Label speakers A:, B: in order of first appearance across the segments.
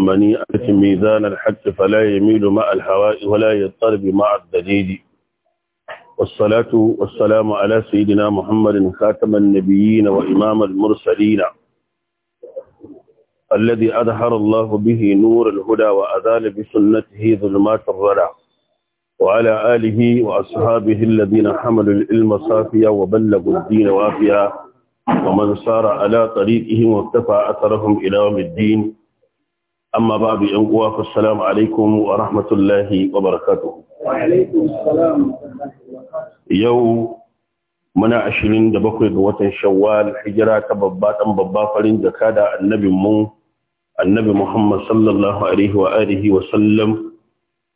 A: منيئة ميزان الحج فلا يميل مع الهواء ولا يضطرب مع الدليل والصلاة والسلام على سيدنا محمد خاتم النبيين وإمام المرسلين الذي أظهر الله به نور الهدى وأذال بسنته ظلمات الردى وعلى آله وأصحابه الذين حملوا العلم صافيا وبلغوا الدين وافيا ومن صار على طريقهم واكتفى أثرهم إلى يوم الدين amma babu yan uwa fa salamu alaikum wa rahmatullahi wa barakatuh Yau muna ashirin da bakwai ga watan shawwal hijira ta babba dan babba farin jaka da annabin mu annabi muhammad sallallahu alaihi wa alihi wa sallam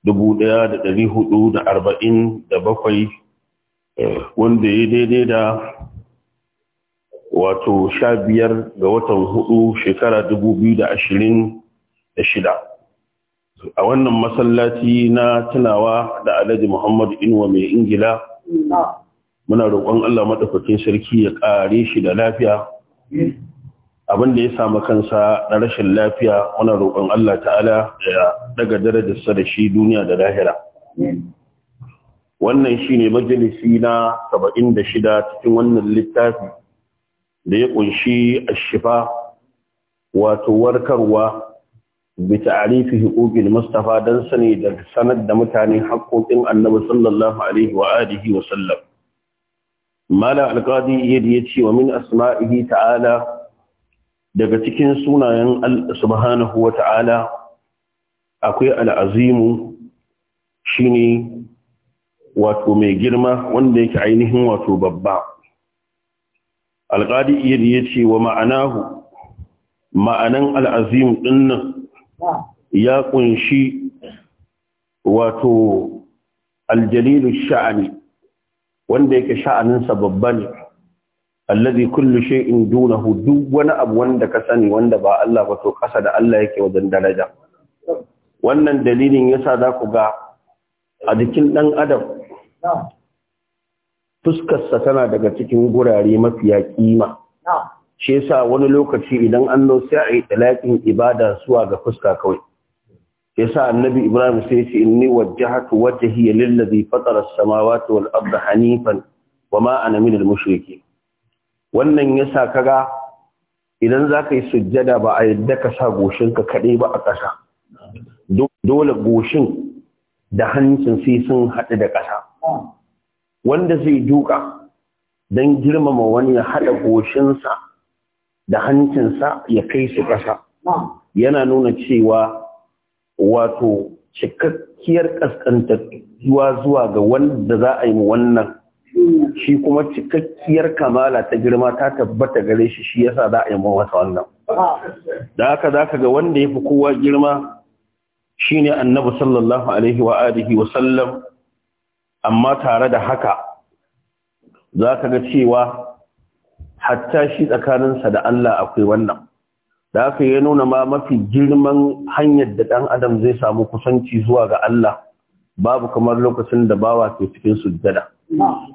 A: Dubu ɗaya da da da ɗari arba'in bakwai. Eh, wanda ya daidai da wato sha biyar ga watan hudu shekara dubu biyu da ashirin. da shida a wannan masallaci na tunawa da alhaji muhammadu inuwa mai ingila muna roƙon allah maɗaukakin sarki ya ƙare shi da lafiya abin da ya samu kansa na rashin lafiya muna roƙon allah ta'ala ya daga darajarsa da shi duniya da lahira wannan shine majalisi na shida cikin wannan littafi da ya ƙunshi ashifa wato warkarwa bi ta'rifi huquqil mustafa dan sani da sanar da mutane haƙoƙin annabi sallallahu alaihi wa alihi wa sallam mala alqadi yadi yace wa min asma'ihi ta'ala daga cikin sunayen subhanahu wa ta'ala akwai al'azimu shine wato mai girma wanda yake ainihin wato babba alqadi yadi yace wa ma'anahu ma'anan al'azim dinnan ya kunshi wato aljalilu sha'ani wanda yake sha'aninsa babba ne alladhi kullu shay'in dunahu duk wani abu wanda ka sani wanda ba Allah ba to kasa da Allah yake wajen daraja wannan dalilin yasa za ku ga a jikin dan adam fuskarsa tana daga cikin gurare mafiya kima shi yasa wani lokaci idan an lo sai a yi talakin ibada zuwa ga fuska kawai yasa annabi ibrahim sai ya ce inni wajjahatu wajhi ladhi fatara as-samawati wal arda hanifan ma ana min al-mushriki wannan yasa kaga idan zaka yi sujjada ba a yadda ka sa goshin ka kade ba a ƙasa dole goshin da hancin sai sun haɗu da ƙasa wanda zai duka don girmama wani ya haɗa goshinsa da hancinsa ya kai su ƙasa yana nuna cewa wato cikakkiyar ƙasƙantattuwa zuwa ga wanda za a yi wannan shi kuma cikakkiyar kamala ta girma ta tabbata gare shi shi yasa za a yi masa wannan da haka za ka ga wanda ya fi kowa girma shine annabi sallallahu alaihi wa alihi wa sallam amma tare da haka za ka ga cewa hatta shi tsakaninsa da Allah akwai wannan da haka ya nuna ma mafi girman hanyar da ɗan adam zai samu kusanci zuwa ga Allah babu kamar lokacin da bawa ke cikin sujjada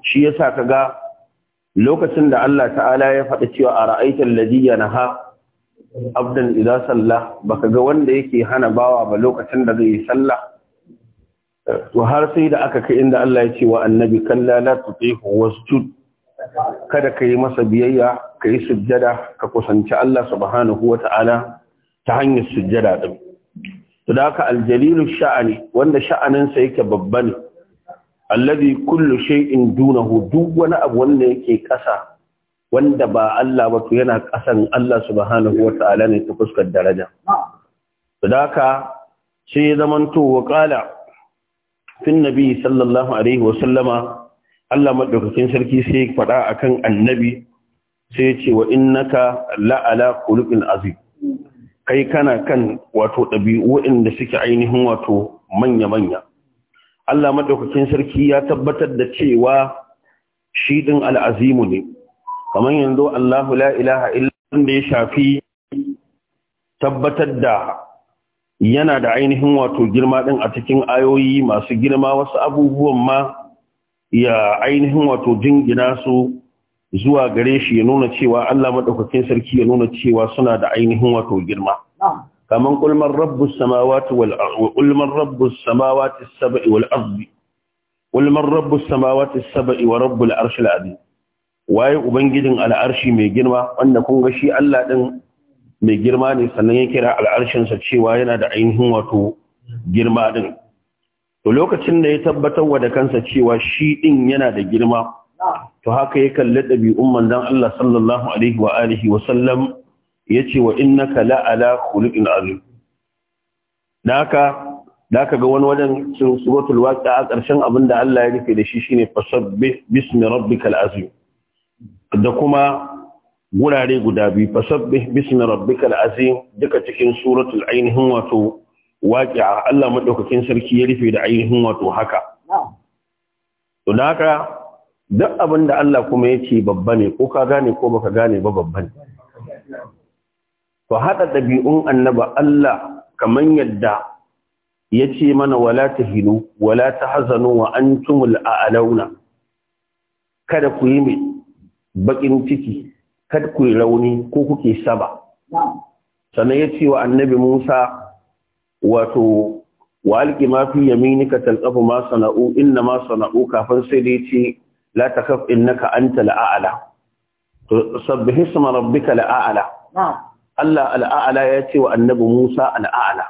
A: shi yasa ga lokacin da Allah ta'ala ya faɗi cewa a ra'aitar ladiyya na ha abdan idan sallah baka ga wanda yake hana bawa ba lokacin da zai sallah to har sai da aka kai inda Allah ya ce wa annabi kalla la wasjud kada ka yi masa biyayya ka yi sujjada ka kusanci Allah subhanahu wa ta'ala ta hanyar sujjada ɗin. To aljalilu sha'ani wanda sha'aninsa yake babba ne, allazi kullu shay'in dunahu duk wani abu wanda yake ƙasa wanda ba Allah ba to yana ƙasan Allah subhanahu wa ta'ala ne ta fuskar daraja. To da sai ya zamanto wa ƙala. Tun nabi sallallahu alaihi wa sallama Allah maɗaukakin sarki sai faɗa akan annabi sai ya ce wa innaka la'ala khuluqin azim kai kana kan wato ɗabi'u inda suke ainihin wato manya-manya Allah maɗaukakin sarki ya tabbatar da cewa shi din al'azimu ne kamar yanzu Allahu la ilaha illa wanda ya shafi tabbatar da yana da ainihin wato girma ɗin a cikin ayoyi masu girma wasu abubuwan ma ya ainihin wato jingina su zuwa gare shi ya nuna cewa Allah maɗaukakin sarki ya nuna cewa suna da ainihin wato girma kaman kulman rabbus samawati wal rabbus samawati wal arzi. rabbus samawati saba'i wa rabbul arshil waye ubangijin al'arshi mai girma wanda kun ga shi Allah din mai girma ne sannan ya kira al'arshinsa cewa yana da ainihin wato girma ɗin to lokacin da ya tabbatar wa da kansa cewa shi din yana da girma to haka ya kalli ɗabi'un manzon Allah sallallahu alaihi wa alihi wa sallam yace wa innaka la ala khuluqin azim da ga wani wajen suratul waqi'a a ƙarshen abin da Allah ya rufe da shi shine fasabbih bismi rabbikal azim da kuma gurare guda biyu fasabbih bismi rabbikal azim duka cikin suratul ainihin wato a Allah maɗaukakin sarki ya rufe da ainihin wato haka. To da haka duk abin Allah kuma ya ce babba ne ko ka gane ko baka gane ba babba To haɗa ɗabi'un annaba Allah kamar yadda yace mana wala ta wala ta wa an a alauna. Kada ku yi mai baƙin ciki, kada ku yi rauni ko kuke saba. Sannan ya wa annabi Musa wato wa alqi ma fi yaminika ma sana'u inna ma sana'u kafin sai da yace la takaf ka anta la'aala. to sabbih isma rabbika la'aala. Allah al'ala ya ce wa annabi Musa al'ala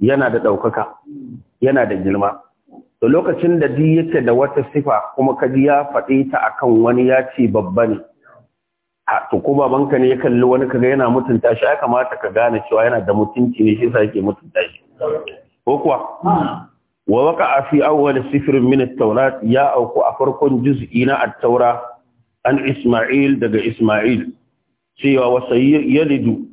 A: yana da ɗaukaka, yana da girma to lokacin da di yake da wata sifa kuma kaji ya faɗe ta akan wani ya ce babba ne a to ko babanka ne ya kalli wani kaga yana mutunta shi ya kamata ka gane cewa yana da mutunci ne shi yake mutunta shi ko kuwa wa waqa'a fi awwal sifr min at ya auku a farkon juz'i na at-taura an isma'il daga isma'il cewa wasa yalidu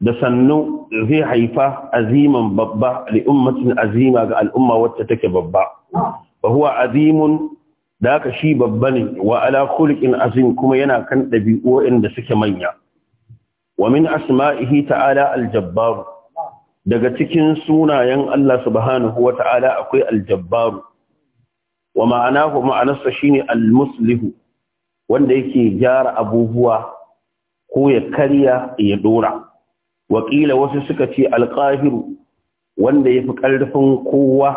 A: da sannu zai haifa aziman babba li ummatin azima ga al'umma wacce take babba wa huwa azimun da haka shi babba ne wa ala khuluqin azim kuma yana kan dabi'u wanda suke manya wa min asma'ihi ta'ala al-jabbar daga cikin sunayen Allah subhanahu wa ta'ala akwai al-jabbar wa ma'anahu ma'anarsa shine al-muslihu wanda yake gyara abubuwa ko ya karya ya dora wakila wasu suka ce al-qahiru wanda yafi karfin kowa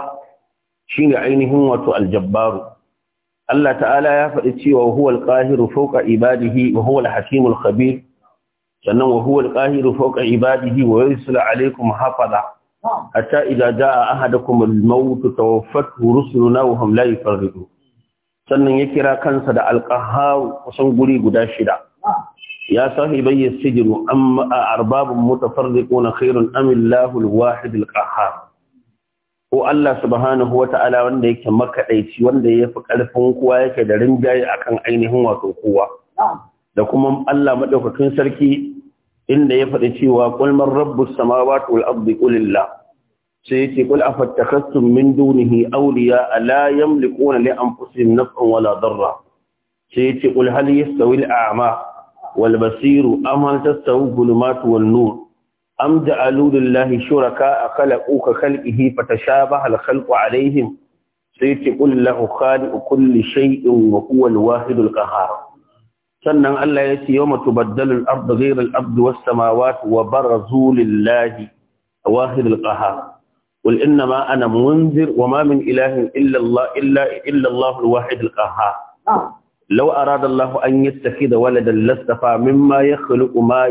A: shine ainihin wato al Allah ta'ala ya faɗi cewa huwal qahiru fawqa ibadihi wa huwal hakimul khabir sannan wa huwal qahiru fawqa ibadihi wa yursilu alaykum hafaza hatta idza jaa ahadakum al-maut tawaffatu rusuluna wa hum la yufarridu sannan ya kira kansa da alqahhar kusan guri guda shida ya sahibai sijru amma arbabun mutafarriquna khairun am Allahu al-wahid al-qahhar ko Allah subhanahu wa ta'ala wanda yake makaɗaici wanda ya fi ƙarfin kowa yake da rinjaye kan ainihin wato kowa da kuma Allah maɗaukakin sarki inda ya faɗi cewa ƙulmar rabbus samawati wal ardi qulillah sai yake qul afattakhastum min dunihi awliya la yamlikuna li anfusihim naf'an wala zarra. sai yake hali ya yastawi al a'ma wal basiru, am hal tastawi al zulumatu nur am ja'alu lillahi shuraka khalaqu ka khalqihi fatashabaha al-khalqu alaihim sai ce qul lahu khaliqu kulli shay'in wa huwa al-wahid al-qahhar sannan Allah ya ce yawma tubaddalu al-ardu ghayra al-ardi was-samawati wa barazu lillahi wahid al-qahhar munzir wa أنا منذر وما من إله إلا الله إلا إلا الله الواحد القهار لو أراد الله أن يتخذ ولدا لاستفى مما يخلق ما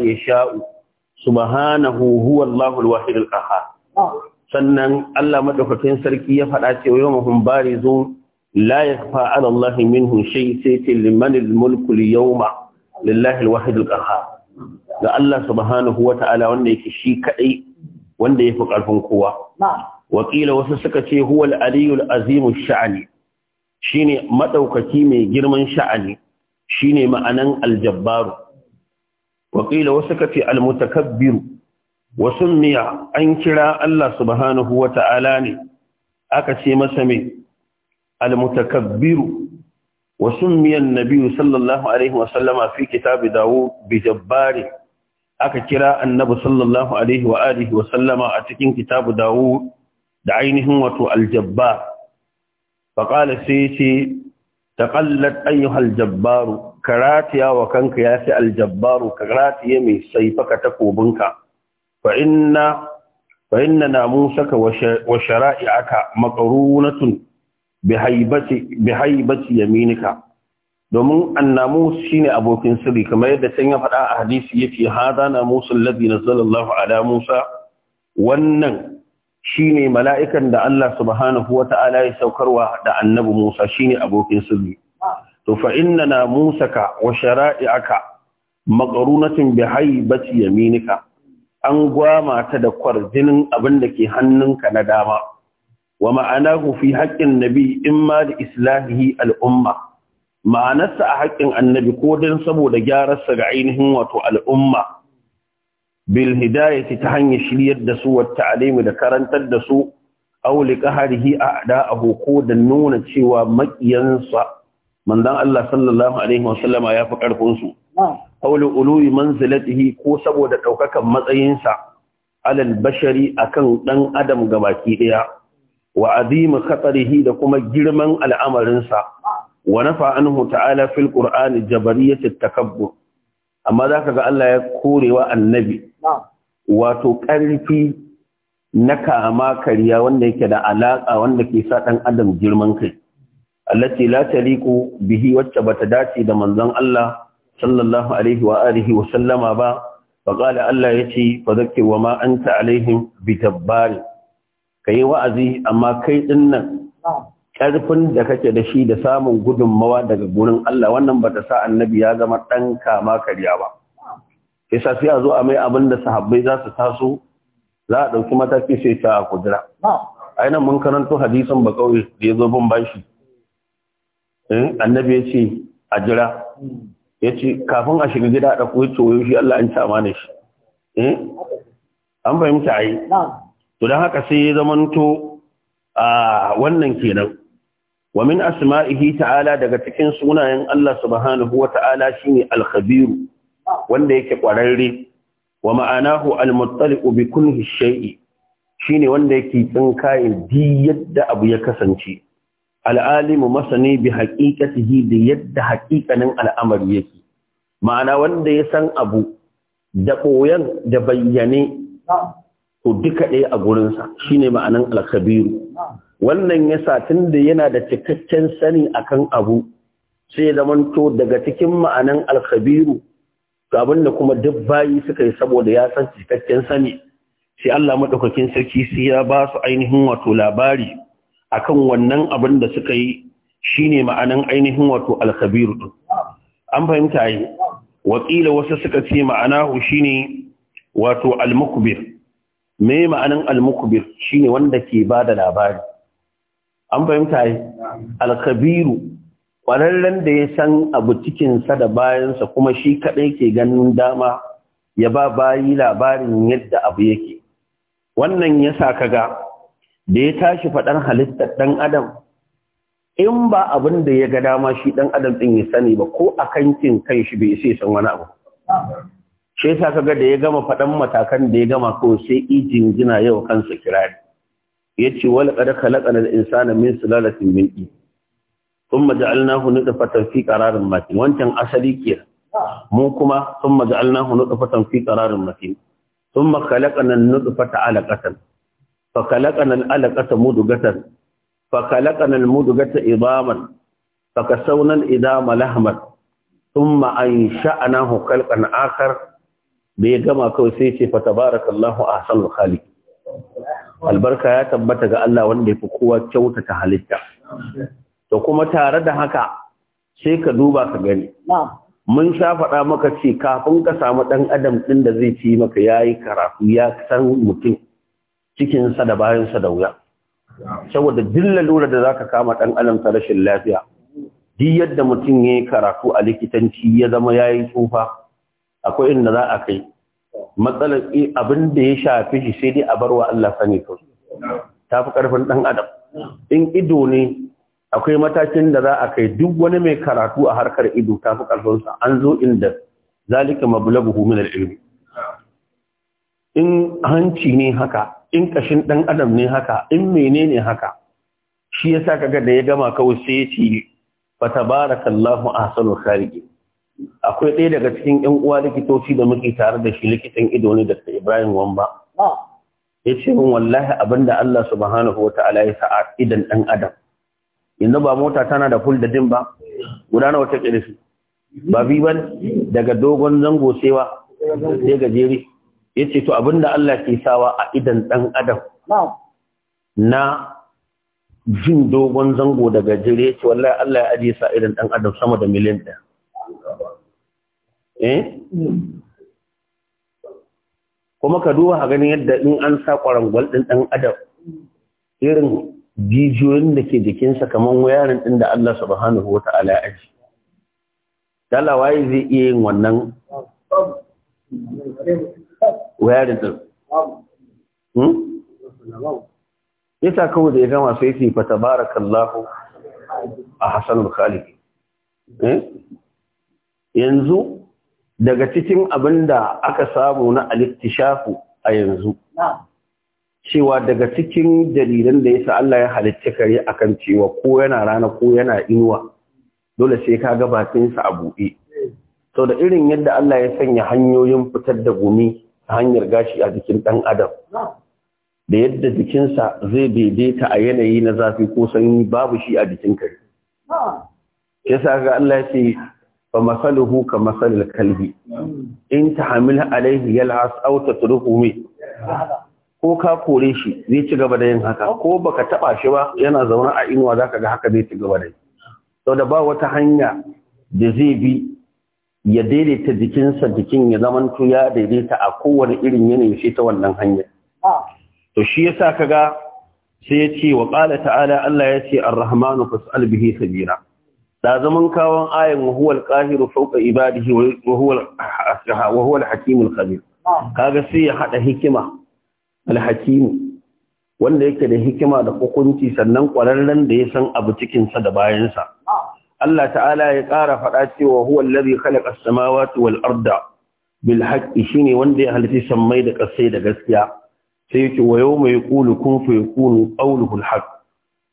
A: subhanahu huwa Allahul wahidul qahhar ah. sannan Allah madaukakin sarki ya faɗa cewa yawma hum barizun la yakfa 'ala Allah minhum shay sai ce limanil mulku al-yawma lillahi al-wahidul qahhar ga Allah subhanahu ta'ala wanda yake shi kadai wanda yafi karfin kowa wakila wasu suka ce huwa al-aliyul azimul sha'ani shine madaukaki mai girman sha'ani shine ma'anan Aljabaru. waƙila wasu ka fi almutakabbiru wasu miya an kira Allah subhanahu wa ta’ala ne aka ce masa mai almutakabbiru wasu miyan nabiyu sallallahu alaihi wasallama fi kitabi dawo bijabbari aka kira annabu sallallahu alaihi wa alihi a cikin kitabu dawo da ainihin wato aljabba faƙala sai ce taƙallar ayyuhal karatiya wa kanka ya fi aljabbaru karatiya mai saifaka takobinka fa inna fa inna namusaka wa shara'i'aka maqrunatun bi haibati yaminika domin annamus shine abokin sirri kamar yadda can ya faɗa a hadisi yace hada namusul ladhi nazalallahu ala musa wannan shine mala'ikan da Allah subhanahu wata'ala ya saukarwa da annabi Musa shine abokin sirri to fa inna namusaka wa shara'i'aka maqrunatin bi haibati yaminika an gwama ta da kwarjinin abin da ke hannunka na dama wa ma'anahu fi haƙƙin nabi imma da islahihi al'umma ma'anarsa a haƙƙin annabi ko don saboda gyararsa ga ainihin wato al'umma bil hidayati ta hanyar shiryar da su wata alimi da karantar da su auli qaharihi a da'ahu ko da nuna cewa maƙiyansa manzon Allah sallallahu alaihi wasallam ya fi karfin su qawlu ului manzilatihi ko saboda ɗaukakan matsayinsa alal bashari akan ɗan adam gabaki ɗaya, wa azim khatarihi da kuma girman al'amarinsa wa nafa anhu ta'ala fil qur'an jabariyat at-takabbur amma zaka ga Allah ya korewa annabi wato ƙarfi na kama kariya wanda yake da alaƙa wanda ke sa ɗan adam girman kai التي لا تليق bihi wacce bata dace da manzon Allah الله عليه واله وسلم با فقال ba يتي qala Allah انت عليهم zakkir wa ma anta alaihim bitabbar kai wa'azi amma kai din nan karfin da kake da shi da samun gudunmawa daga gurin Allah wannan bata sa annabi ya zama dan kama karya ba yasa sai a zo a mai abin da sahabbai za su taso za a ɗauki mataki sai ta kudura. A nan mun karanto hadisin ba kawai da ya zo bin bashi. annabi ya ce a jira ya ce kafin a shiga gida a kuwa ya ce shi Allah an ci amana shi eh? an fahimta a yi to don haka sai ya zamanto a wannan kenan wa min asma'ihi ta'ala daga cikin sunayen Allah subhanahu wa ta'ala shine al-khabiru wanda yake kwararre wa ma'anahu al-muttaliqu bi kulli shay'i shine wanda yake tsinkaye di yadda abu ya kasance al'alimu masani bi haƙiƙatihi da yadda haƙiƙanin al'amari yake ma'ana wanda ya san abu da ɓoyan da bayyane to duka ɗaya a gurinsa shine ma'anan alkabiru wannan yasa tun da yana da cikakken sani akan abu sai to daga cikin ma'anan alkabiru abin da kuma duk bayi suka yi saboda ya san cikakken sani sai Allah maɗaukakin sarki sai ya ba su ainihin wato labari akan wannan abin da suka yi shine ma'anan ainihin wato alkhabiru din an fahimta yi wakila wasu suka ce ma'anahu shine wato almukbir me ma'anan shi shine wanda ke ba da labari an fahimta yi alkhabiru ƙwararren da ya san abu cikinsa da bayansa kuma shi kaɗai ke ganin dama ya ba bayi labarin yadda abu yake wannan ya sa ga. da ya tashi faɗar halittar ɗan adam in ba abin da ya ga dama shi ɗan adam ɗin ya sani ba ko a kankin kan shi bai sai san wani abu shi yasa kaga da ya gama faɗan matakan da ya gama ko sai ijin gina yau kansa kirari ce wal qad khalaqana da insana min sulalatin min tin thumma ja'alnahu fatan fi ƙararin mafi wancan asali ke, mu kuma thumma ja'alnahu fatan fi qararin matin thumma khalaqana an-nutfata 'alaqatan فخلقنا الألقة مدغة فخلقنا المدغة عظاما فكسونا العظام لحما ثم أنشأناه خلقا آخر بيجمع كوسيتي فتبارك الله أحسن الخالق albarka ya tabbata ga Allah wanda yafi kowa kyautata halitta to kuma tare da haka sai ka duba ka gani mun sha faɗa maka ce kafin ka samu ɗan adam ɗin da zai ci maka yayi karatu ya san mutum cikin sa da bayansa da wuya saboda dilla lura da zaka kama ɗan adam ta rashin lafiya duk yadda mutum yayi karatu a likitanci ya zama yayi tsufa akwai inda za a kai matsalar abin da ya shafi shi sai dai a barwa Allah sani to ta fi karfin dan adam in ido ne akwai matakin da za a kai duk wani mai karatu a harkar ido ta fi karfinsa an zo inda zalika mablaguhu min al-ilmi in hanci ne haka in kashin ɗan adam ne haka in menene haka shi yasa kaga da ya gama kawai sai ya ce fa tabarakallahu ahsanul khaliqin akwai ɗaya daga cikin ƴan uwa likitoci da muke tare da shi likitan ido ne Dr. Ibrahim Wamba ah. ya ce min wallahi abinda Allah subhanahu wa ta'ala ya sa'a idan dan adam yanzu ba mota tana da full da din ba guda nawa ta kirfi ba bi ban daga dogon zango sewa sai gajeri Ya ce to abinda Allah ke sawa a idan ɗan adam na jin dogon zango daga jire ce wallahi Allah ya ajiye sa idan ɗan adam sama da miliyan ɗaya eh? kuma ka duba a ganin yadda in an sa ƙwarangwal ɗin ɗan adam irin jijiyoyin da ke jikinsa kamar wayarin ɗin da Allah subhanahu wa ta'ala ya aji. Dala waye zai iya yin wannan? wayarin din hmm? Ya ta kawo da ya gama sai fata fa tabarakallahu a hmm? yanzu daga cikin abin da aka samu na alifti a yanzu cewa daga cikin dalilan da yasa Allah ya halicci kare akan cewa ko yana rana ko yana inuwa dole sai ka ga bakin sa a buɗe to da irin yadda Allah ya sanya hanyoyin fitar da gumi hanyar gashi a jikin ɗan adam da yadda jikinsa zai daidaita a yanayi na zafi ko sanyi babu shi a jikin kai. ya sa ga Allah ya ce fa masaluhu ka masalil kalbi in ta hamila alaihi yalhas aw tatruhu mi ko ka kore shi zai ci gaba da yin haka ko baka taba shi ba yana zaune a inuwa zaka ga haka zai ci gaba da yi saboda ba wata hanya da zai bi ya daidaita jikinsa jikin ya zaman ya daidaita a kowane irin yanayi shi ta wannan hanyar to shi yasa ga sai ya ce wa qala ta'ala Allah ya ce ar-rahmanu fas'al bihi sabira da zaman kawon ayin wa huwa al-qahiru fawqa ibadihi wa huwa wa al khabir kaga sai ya hada hikima al-hakim wanda yake da hikima da hukunci sannan kwararren da ya san abu cikin sa da bayansa Allah ta'ala ya ƙara faɗa cewa huwan allazi khalaqa as-samawati arda bil shine wanda ya halitta sammai da ƙasai da gaskiya sai yake wa mai yaqulu kun fayakunu qawluhu al haqq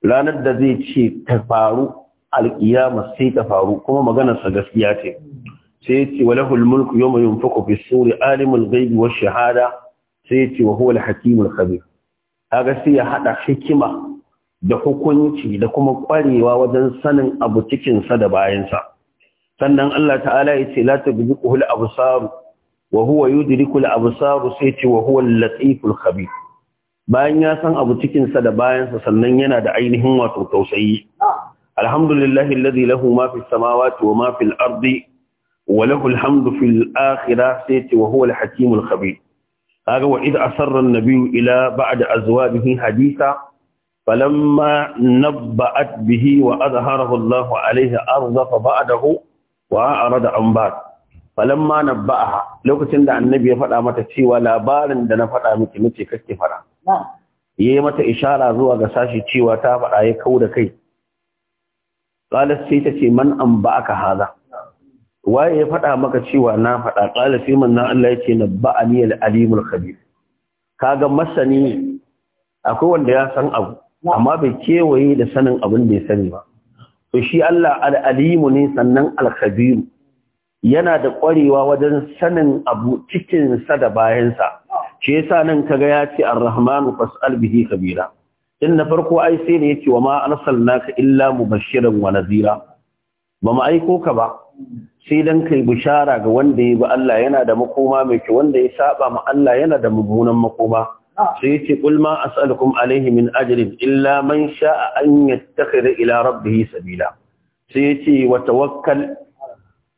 A: ranar da zai ce ta faru alƙiyama sai ta faru kuma maganarsa gaskiya ce sai yace walahul mulku yawma yunfaku fi suri alimul ghaibi shahada sai yace wa huwal hakimul khabir kaga sai ya haɗa hikima da hukunci da kuma kwarewa wajen sanin abu cikinsa da bayansa sannan Allah ta'ala ya ce la tabdiqul absar wa huwa yudrikul absar sai ce wa huwa al-latiful bayan ya san abu cikinsa da bayansa sannan yana da ainihin wato tausayi Alhamdu alladhi lahu ma fis samawati wa ma fil ardi wa lahu alhamdu fil akhirah sai ce wa huwa al-hakimul khabir kaga wa id asarra an ila ba'da haditha فلما نبأت به وأظهره الله عليه أرض فبعده وأرد عن بعد فلما نبأها لو كنت عند النبي فدا mata cewa labarin da na faɗa miki nace kake fara yayi mata ishara zuwa ga sashe cewa ta fada ya da kai qalat sai ta ce man anba'aka hada waye ya faɗa maka cewa na fada qala sai man Allah yace nabba'ani al-alimul khabir kaga masani akwai wanda ya san abu amma bai kewaye da sanin abin da ya sani ba to shi Allah al'alimu ne sannan alkhabiru yana da ƙwarewa wajen sanin abu cikin sa da bayansa shi sa nan kaga ya ce ar-rahmanu fas'al bihi kabira in na farko ai sai ne yace wa ma naka illa mu bashirin wa Nazira? ba mu aiko ka ba sai dan kai bishara ga wanda ya bi Allah yana da makoma mai ke wanda ya saba ma Allah yana da mugunan makoma sai yace qul ma as'alukum alayhi min ajrin illa man sha'a an yattakhidha ila rabbihi sabila sai yace wa tawakkal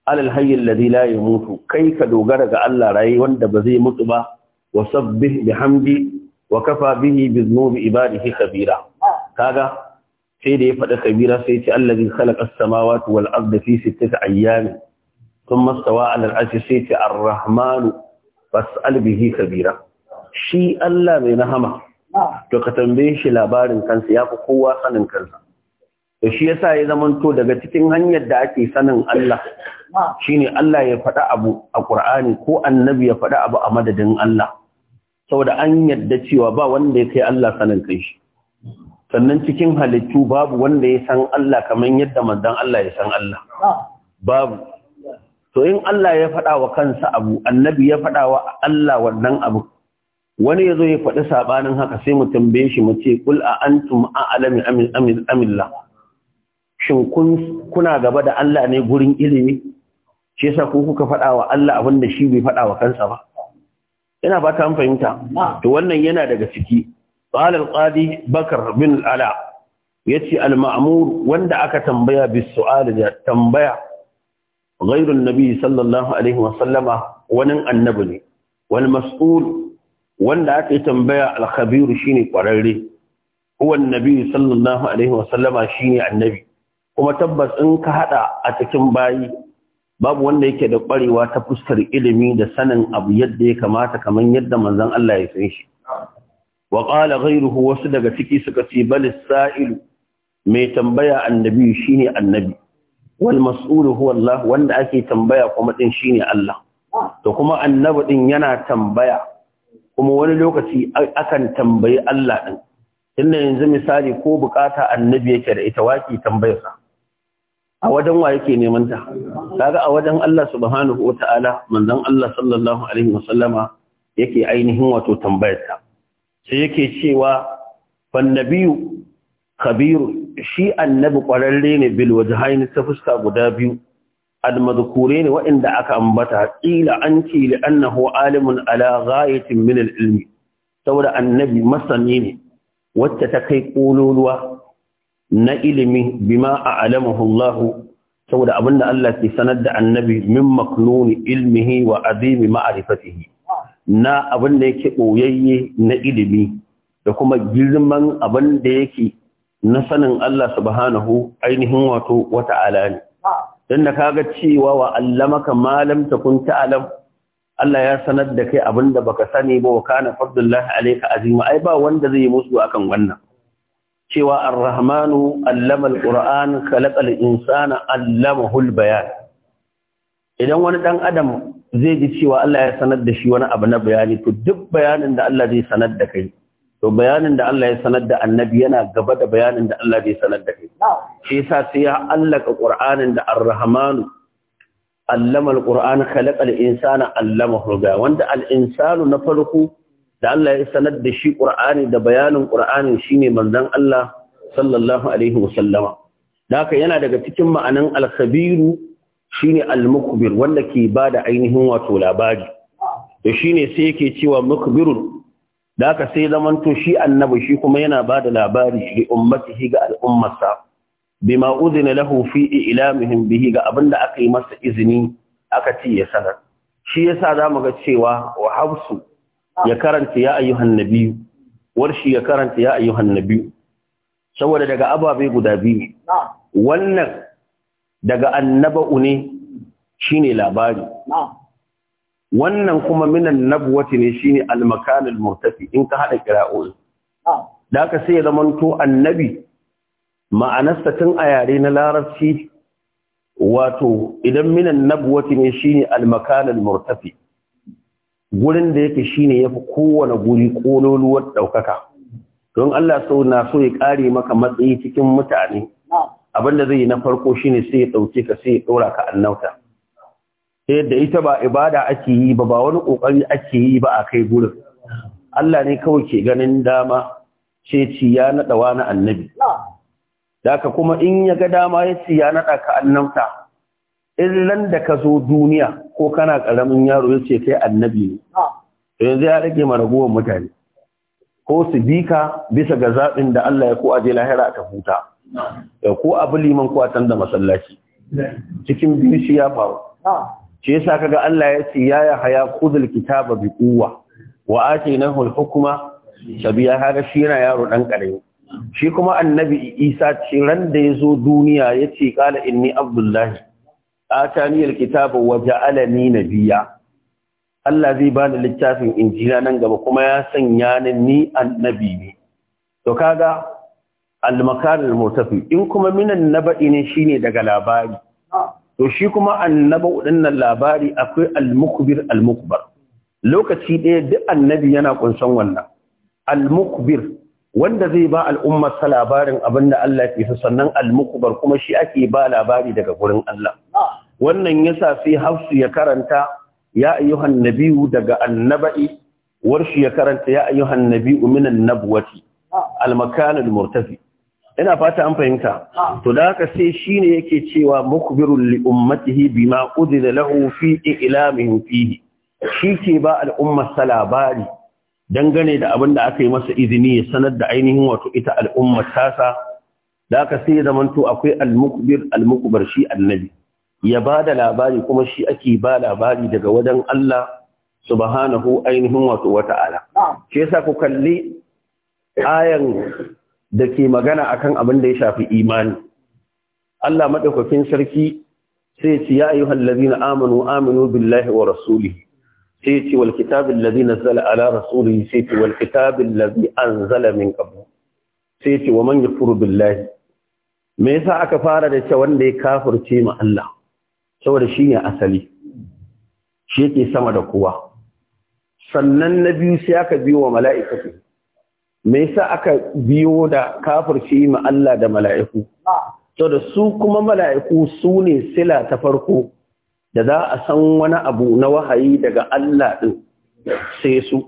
A: ala alhayy alladhi la yamutu kai ka dogara ga Allah rayi wanda ba zai mutu ba wa sabbih bihamdi wa kafa bihi bizunubi ibadihi khabira kaga sai da ya faɗa kabira sai ce allazi khalaqa as-samawati wal arda fi sittati ayyamin thumma stawa 'ala al-'arshi sai ce ar-rahmanu fas'al bihi kabira shi Allah mai nahama to ka tambaye shi labarin kansa ya fi kowa sanin kansa to shi yasa ya zamanto daga cikin hanyar da ake sanin Allah shine Allah ya faɗa abu a Qur'ani ko annabi ya faɗa abu a madadin Allah saboda an yadda cewa ba wanda ya kai Allah sanin kai sannan cikin halittu babu wanda ya san Allah kamar yadda manzon Allah ya san Allah babu to in Allah ya faɗa wa kansa abu annabi ya faɗa wa Allah wannan abu wani ya zo ya faɗi saɓanin haka sai mu tambaye shi mu ƙul a antum a alami amilla shin kuna gaba da Allah ne gurin ilimi shi yasa ko kuka faɗa wa Allah abin da shi bai faɗa wa kansa ba ina ba ta fahimta to wannan yana daga ciki qala al bakar bin ala ya yace al maamur wanda aka tambaya bis su'al da tambaya ghairu nabi sallallahu alaihi wa sallama wani annabi ne wal mas'ul wanda aka yi tambaya alkhabiru shine kwararre huwa annabi sallallahu alaihi wa sallama shine annabi kuma tabbas in ka hada a cikin bayi babu wanda yake da kwarewa ta fuskar ilimi da sanin abu yadda ya kamata kamar yadda manzon Allah ya san shi wa qala ghayruhu wasu daga ciki suka ce bal sa'il mai tambaya annabi shine annabi wal mas'ulu huwa Allah wanda ake tambaya kuma din shine Allah to kuma annabi din yana tambaya kuma wani lokaci akan tambayi Allah ɗin inda yanzu misali ko bukata annabi yake da ita waki tambayarsa a wajen wa yake neman ta kaga a wajen Allah subhanahu wataala manzon Allah sallallahu alaihi wasallama yake ainihin wato tambayar ta sai yake cewa fan nabiyu Kabiru, shi annabi kwararre ne bil wajhaini ta fuska guda biyu almadhkure ne waɗanda aka ambata qila an ce li annahu alimun ala ghayatin min ilmi saboda annabi masani ne wacce ta kai kololuwa na ilimi bima a'lamahu Allah saboda abinda Allah ke sanar da annabi min maknuni ilmihi wa azimi ma'rifatihi na abinda yake koyayye na ilimi da kuma girman abinda yake na sanin Allah subhanahu ainihin wato wata ala ne don da kaga cewa wa allamaka malam takun ta'alam Allah ya sanar da kai abin da baka sani ba wa kana fadlullahi alayka azima ai ba wanda zai musu akan wannan cewa arrahmanu rahmanu allama al-qur'an khalaqa insana allamahu al idan wani dan adam zai ji cewa Allah ya sanar da shi wani abu na bayani to duk bayanin da Allah zai sanar da kai to bayanin da Allah ya sanar da annabi yana gaba da bayanin da Allah bai sanar da kai shi yasa sai ya allaka qur'anin da ar-rahmanu allama al-qur'ana khalaqa al-insana allamahu ga wanda al-insanu na farko da Allah ya sanar da shi qur'ani da bayanin qur'anin shine manzon Allah sallallahu alaihi haka yana daga cikin ma'anan al-khabiru shine al-mukbir wanda ke bada ainihin wato labari to shine sai yake cewa mukbirun da aka sai zamanto shi annabi shi kuma yana ba da labari li ummatihi ga al'ummarsa bima udhina lahu fi ilamihim bihi ga abinda aka yi masa izini aka ci ya sanar shi yasa zamu ga cewa wa habsu ya karanta ya ayyuhan nabiyyu warshi ya karanta ya ayyuhan nabi saboda daga ababe guda biyu wannan daga annaba'u ne shine labari wannan kuma minan nabuwati ne shine al-makan al-murtafi in ka hada qira'o'i ah. da ka sai zaman to annabi ma'anarsa tun a yare na larabci wato idan minan nabuwati ne shine al-makan al-murtafi gurin da yake shine yafi kowane guri kololuwar daukaka don Allah sau na so ya kare maka matsayi cikin mutane ah. abinda zai yi na farko shine sai ya dauke ka sai ya dora ka annauta yadda ita ba ibada ake yi ba ba wani kokari ake yi ba a kai gurin Allah ne kawai ke ganin dama ce ci ya nada wani annabi daka kuma in ya ga dama ya ci ya nada ka annabta illan da ka zo duniya ko kana karamin yaro ya ce kai annabi ne yanzu ya rage ma gowan mutane ko su bi ka bisa ga zaɓin da Allah ya ko aje lahira ta huta ko abu liman ko a da masallaci cikin biyu shi ya faru shi yasa kaga Allah ya ce ya haya khudhul kitaba bi quwwa wa atainahu al-hukma sabiya haka shi yana yaro dan karami shi kuma annabi Isa ce ran da yazo duniya yace qala inni abdullahi atani al-kitaba wa ja'alani nabiyya Allah zai bani littafin injila nan gaba kuma ya sanya ni ni annabi ne to kaga al-makan al-mutafi in kuma minan naba'i ne shine daga labari to shi kuma annaba waɗannan labari akwai almukbir almukbar lokaci ɗaya duk annabi yana kunsan wannan almukbir wanda zai ba al'umma sa labarin abin da Allah ya fi sannan almukbar kuma shi ake ba labari daga gurin Allah wannan sa sai Hafsu ya karanta ya ayyuhan daga annaba'i warshi ya karanta ya ayyuhan nabiyyu minan nabwati al-makan al-murtafi ina fata an fahimta to da haka sai shine yake cewa mukbirul li ummatihi bima udila lahu fi ilamihim fihi ke ba al'ummar sa labari dangane da abin da aka yi masa izini ya sanar da ainihin wato ita al'ummar tasa da haka sai zamanto akwai al-mukbir al-mukbar shi annabi ya ba da labari kuma shi ake ba labari daga wajen Allah subhanahu ainihin wato wata'ala shi yasa ku kalli ayan da ke magana akan abin da ya shafi imani Allah madaukakin sarki sai ya ce ya ayyuhal ladina amanu aminu billahi wa rasulihi sai ya ce wal kitabil ladzi nazzala ala rasulihi sai ya ce wal kitabil ladzi anzala min qabl sai ya ce wa man yakfuru billahi me yasa aka fara da cewa wanda ya kafirce ma Allah saboda shi ne asali shi yake sama da kowa sannan na biyu sai aka biyo wa mala'ikatu me yasa aka biyo da kafirci ma Allah da mala'iku ah. to da su kuma mala'iku su ne sila ta farko da za a san wani abu na wahayi daga Allah din sai su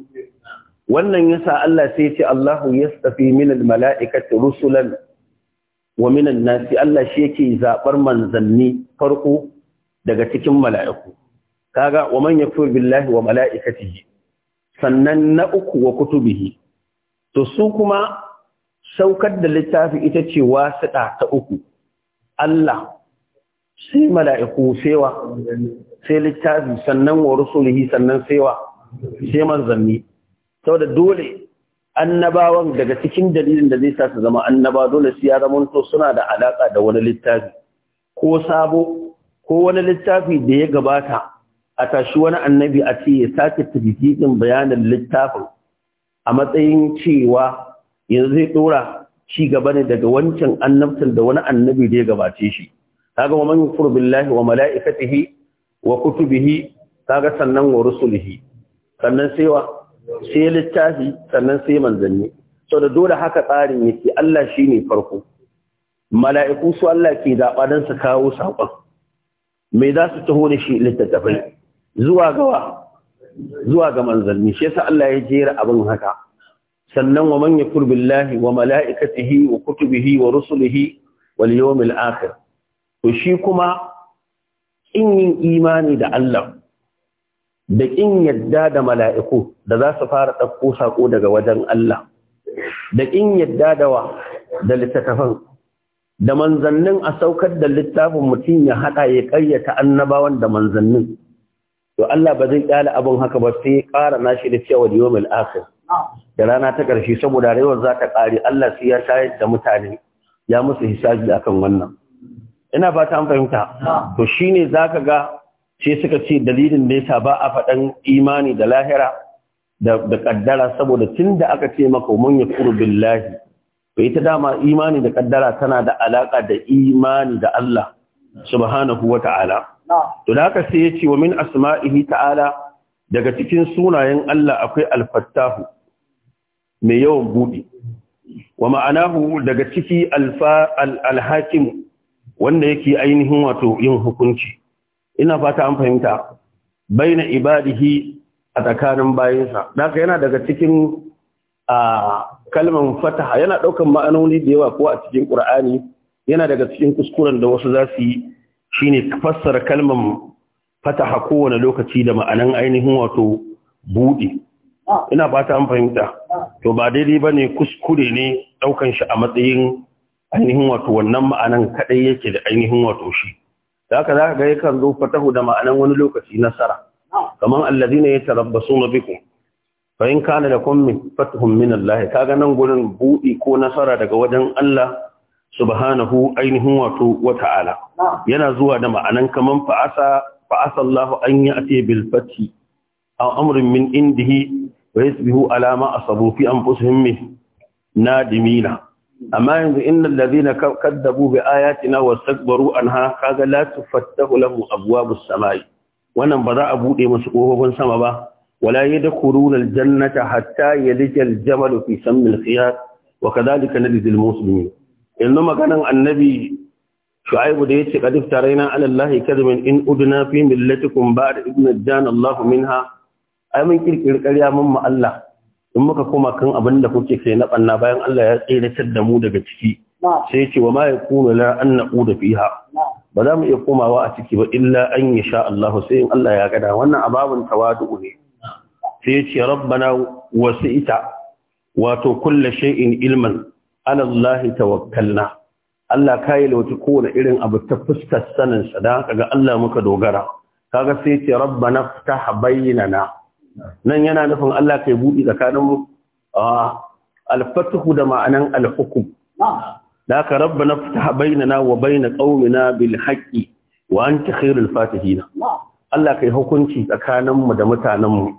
A: wannan yasa Allah sai ya ce Allahu yastafi min al-mala'ikati rusulan wa min an Allah shi yake zabar manzanni farko daga cikin mala'iku kaga wa man yakfur billahi wa mala'ikatihi sannan na uku wa kutubihi to su kuma saukar da littafi ita ce wasiɗa ta uku Allah sai mala'iku sewa sai littafi sannan wa rusulihi sannan sewa sai manzanni saboda dole annabawan daga cikin dalilin da zai sa su zama annaba dole su ya zamanto suna da alaƙa da wani littafi ko sabo ko wani littafi da ya gabata a tashi wani annabi a ce ya sake tirikikin bayanin littafin a matsayin cewa yanzu zai dora ci gaba ne daga wancan annabtan da wani annabi da ya gabace shi kaga wa man yufur billahi wa malaikatihi wa kutubihi kaga sannan wa rusulihi sannan sai wa sai littafi sannan sai manzanni so da dole haka tsarin yake Allah shine farko mala'iku su Allah ke zaba dan su kawo sakon me za su taho da shi littattafai zuwa gawa zuwa ga manzanni shi yasa Allah ya jera abin haka sannan wa man yakur billahi wa malaikatihi wa kutubihi wa rusulihi wal yawmil akhir to shi kuma in yin imani da Allah da kin yadda da mala'iku da za su fara ɗauko sako daga wajen Allah da kin yadda da wa da littattafan da manzannin a saukar da littafin mutum ya haɗa ya kayyata annabawan da manzannin to Allah ba zai kyale abin haka ba sai ƙara nashi da cewa da yawon akhir da rana ta ƙarshe saboda rayuwar za ta ƙare Allah sai ya shayar da mutane ya musu hisabi akan wannan ina fata fahimta to shine ka ga sai suka ce dalilin da ba a faɗan imani da lahira da kaddara saboda da aka ce maka mun ya kuru billahi to ita dama imani da kaddara tana da alaka da imani da Allah subhanahu wa ta'ala to da haka sai yace wa min asma'ihi ta'ala daga cikin sunayen Allah akwai al mai yawan buɗe. wa ma'anahu daga ciki al wanda yake ainihin wato yin hukunci ina fata an fahimta baina ibadihi a tsakanin bayinsa haka yana daga cikin a kalmar fataha yana ɗaukan ma'anoni da yawa ko a cikin ƙur'ani yana daga cikin kuskuren da wasu za su yi shine fassara kalmar fataha kowane lokaci da ma'anan ainihin wato buɗe ina ba ta an fahimta to ba daidai ba ne kuskure ne ɗaukan shi a matsayin ainihin wato wannan ma'anan kaɗai yake da ainihin wato shi da haka za ka ga yakan zo fatahu da ma'anan wani lokaci nasara kamar allazina ya bikum fa in fahimta lakum min fathun min Allah kaga nan gurin buɗi ko nasara daga wajen Allah subhanahu ainihin wato wata ala. yana zuwa da ma'anan kaman fa'asa anyi Allah an yi ate bil fati aw amrin min indihi wa yasbihu ala ma asabu fi anfusihim min nadimina amma yanzu innal ladina kaddabu bi ayatina wastakbaru anha kaga la tufattahu lahum abwabus samai wannan ba za a bude musu kofofin sama ba wala yadkhuluna Jannata hatta yalija aljamal fi sammil khiyat wa kadhalika najzil muslimin yanzu maganan annabi shu'aibu da yace qad iftaraina ala allahi kadhiban in udna fi millatikum ba'da idh najjana allah minha ai mun kirkir ƙarya mun Allah in muka koma kan abin da kuke kai na banna bayan Allah ya tsiratar da mu daga ciki sai yace wa ma yakunu la an naquda fiha ba za mu iya komawa a ciki ba illa an yasha Allah sai in Allah ya gada wannan ababun tawadu ne sai yace rabbana ita, wato kullu shay'in ilman Allah tawakkalna Allah ka yi lauti kowane irin abu ta fuskar sanin sa da kaga Allah muka dogara kaga sai ce rabbana ftah bainana nan yana nufin Allah kai buɗi tsakanin mu al-fathu da ma'anan al-hukm da ka rabbana ftah bainana wa bain qaumina bil haqqi wa anta khairul fatihin Allah kai hukunci tsakanin mu da mutanen mu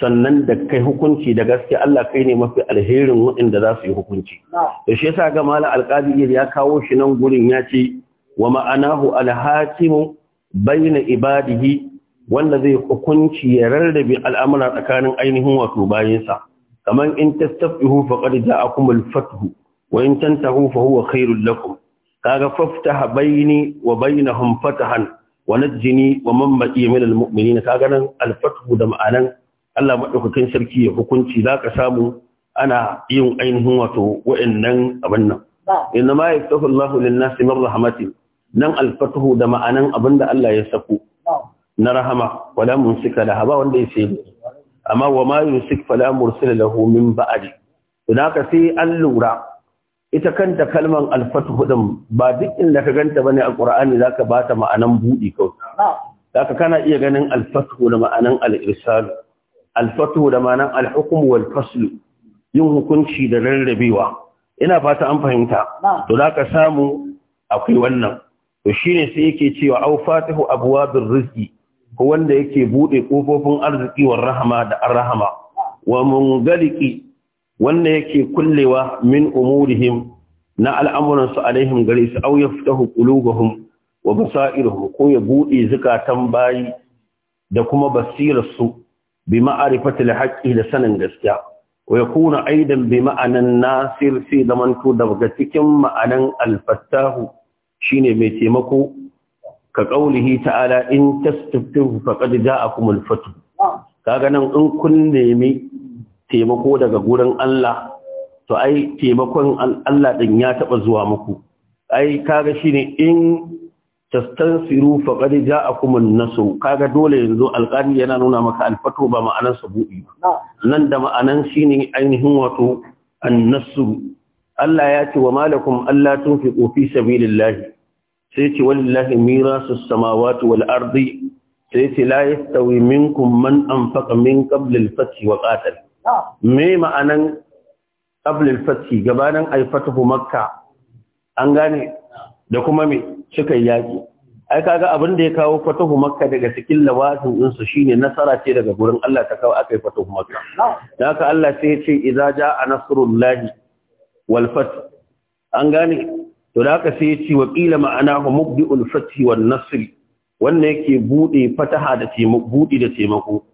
A: sannan da kai hukunci da gaske Allah kai ne mafi alherin waɗanda za su yi hukunci. Da shi yasa ga malam alƙali ya kawo shi nan gurin ya ce wa ma'anahu alhakimu baina ibadihi wanda zai hukunci ya rarrabe al'amura tsakanin ainihin wato bayansa kamar in tastafihu faqad ja'akum al-fathu wa in tantahu fa huwa khairul lakum kaga faftaha baini wa bainahum fatahan wa najjini wa man baqiya min al-mu'minin kaga nan al-fathu da ma'anan Allah maɗaukakin sarki ya hukunci za ka samu ana yin ainihin wato wa'annan abin nan inna ma yaftahu Allahu lin-nasi min rahmatin nan al da ma'anan Allah ya sako na rahama wala munsika da haba wanda ya sai amma wa ma yusik fala mursila lahu min ba'di Ina ka sai an lura ita kanta kalman alfatuhu din ba duk inda ka ganta bane a Qur'ani zaka bata ma'anan budi kawai zaka kana iya ganin alfatuhu da ma'anan al-irsal alfatu da ma'anar alhukumu wal faslu yin hukunci da rarrabewa ina fata an fahimta to za ka samu akwai wannan to shine sai yake cewa au fatihu abwabir rizqi ko wanda yake bude kofofin arziki war rahama da arhama wa mungaliki wanda yake kullewa min umurihim na al'amuran su alaihim gare su au yaftahu qulubuhum wa basairuhum ko ya bude zakatan bayi da kuma basirarsu. bi ma'arifatil haqqi da sanin gaskiya wa yakuna aidan bi ma'anan nasir daga cikin ma'anan al-fattahu shine mai taimako ka qaulihi ta'ala in tastaftihu faqad ja'akum al-fath kaga nan in kun nemi taimako daga gurin Allah to ai taimakon Allah din ya taba zuwa muku ai kaga shine in tastansiru faqad ja'akum an-nasr kaga dole yanzu alqani yana nuna maka alfato ba ma'anar sabu'i nan da ma'anan shine ainihin wato an-nasr Allah ya ce wa malakum alla tunfiqu fi sabilillahi sai ce walillahi mirasus samawati wal ardi sai ce la yastawi minkum man anfaqa min qabl al-fath wa qatal me ma'anan qabl al-fath gabanin ay fatahu an gane da kuma me suka yi yaƙi ai kaga abin da ya kawo fatahu makka daga cikin lawatin din su shine nasara ce daga gurin Allah ta kawo akai fatahu makka Da haka Allah sai ya ce idza jaa nasrullahi wal fath an gane to da haka sai ya ce wa qila ma'anahu mubdi'ul fathi wan nasr wanda yake bude fataha da taimako bude da taimako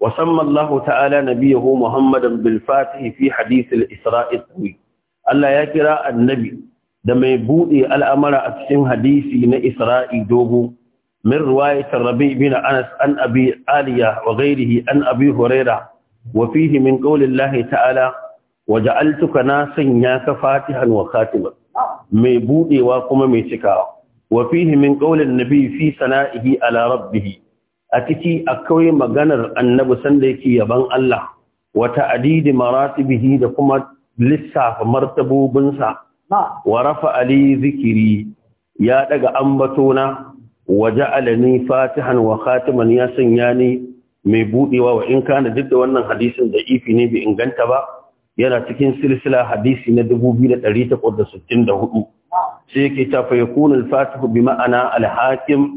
A: wa samma Allah ta'ala nabiyahu Muhammadan bil fatihi fi hadith al Allah ya kira annabi da mai buɗe al'amara a cikin hadisi na Isra'i dogo, min ruwayatar rabi bin Anas an abi aliya wa gairihi an abi horera, wa fihi min ƙaunin lahi ta'ala, wa ja'altuka na sanya ka fatihan wa mai buɗewa kuma mai cikawa, wa fihi min ƙaunin nabi fi sana'ihi ala rabbihi, a ciki kawai maganar annabi sanda yake yaban Allah, wata adidi maratibihi da kuma lissafa martabobinsa. wa rafa ali zikiri ya daga ambatona wa ja'alani fatihan wa khatiman ya sanya ni mai budewa wa in kana duk da wannan hadisin da ifi ne bai inganta ba yana cikin silsila hadisi na 2864 sai yake ta fa fatih bi ma'ana al-hakim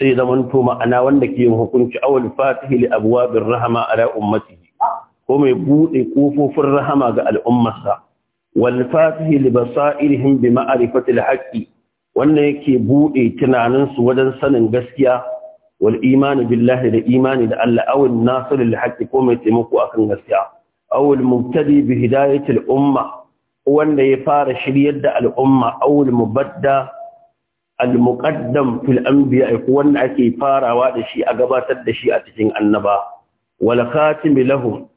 A: sai zaman to ma'ana wanda ke yin hukunci awal fatih li abwab ar-rahma ala ummatihi ko mai bude kofofin rahama ga al'ummarsa والفاتح لبصائرهم بمعرفة haƙƙi wannan yake buɗe tunaninsu wajen sanin gaskiya wal imani billahi da imani da Allah awul nasirul haqqi ko mai taimako akan gaskiya al mubtadi bi hidayatil umma wanda ya fara shiryar da al'umma awul mubadda al muqaddam fil anbiya ko wanda ake farawa da shi a gabatar da shi a cikin annaba wal khatim lahum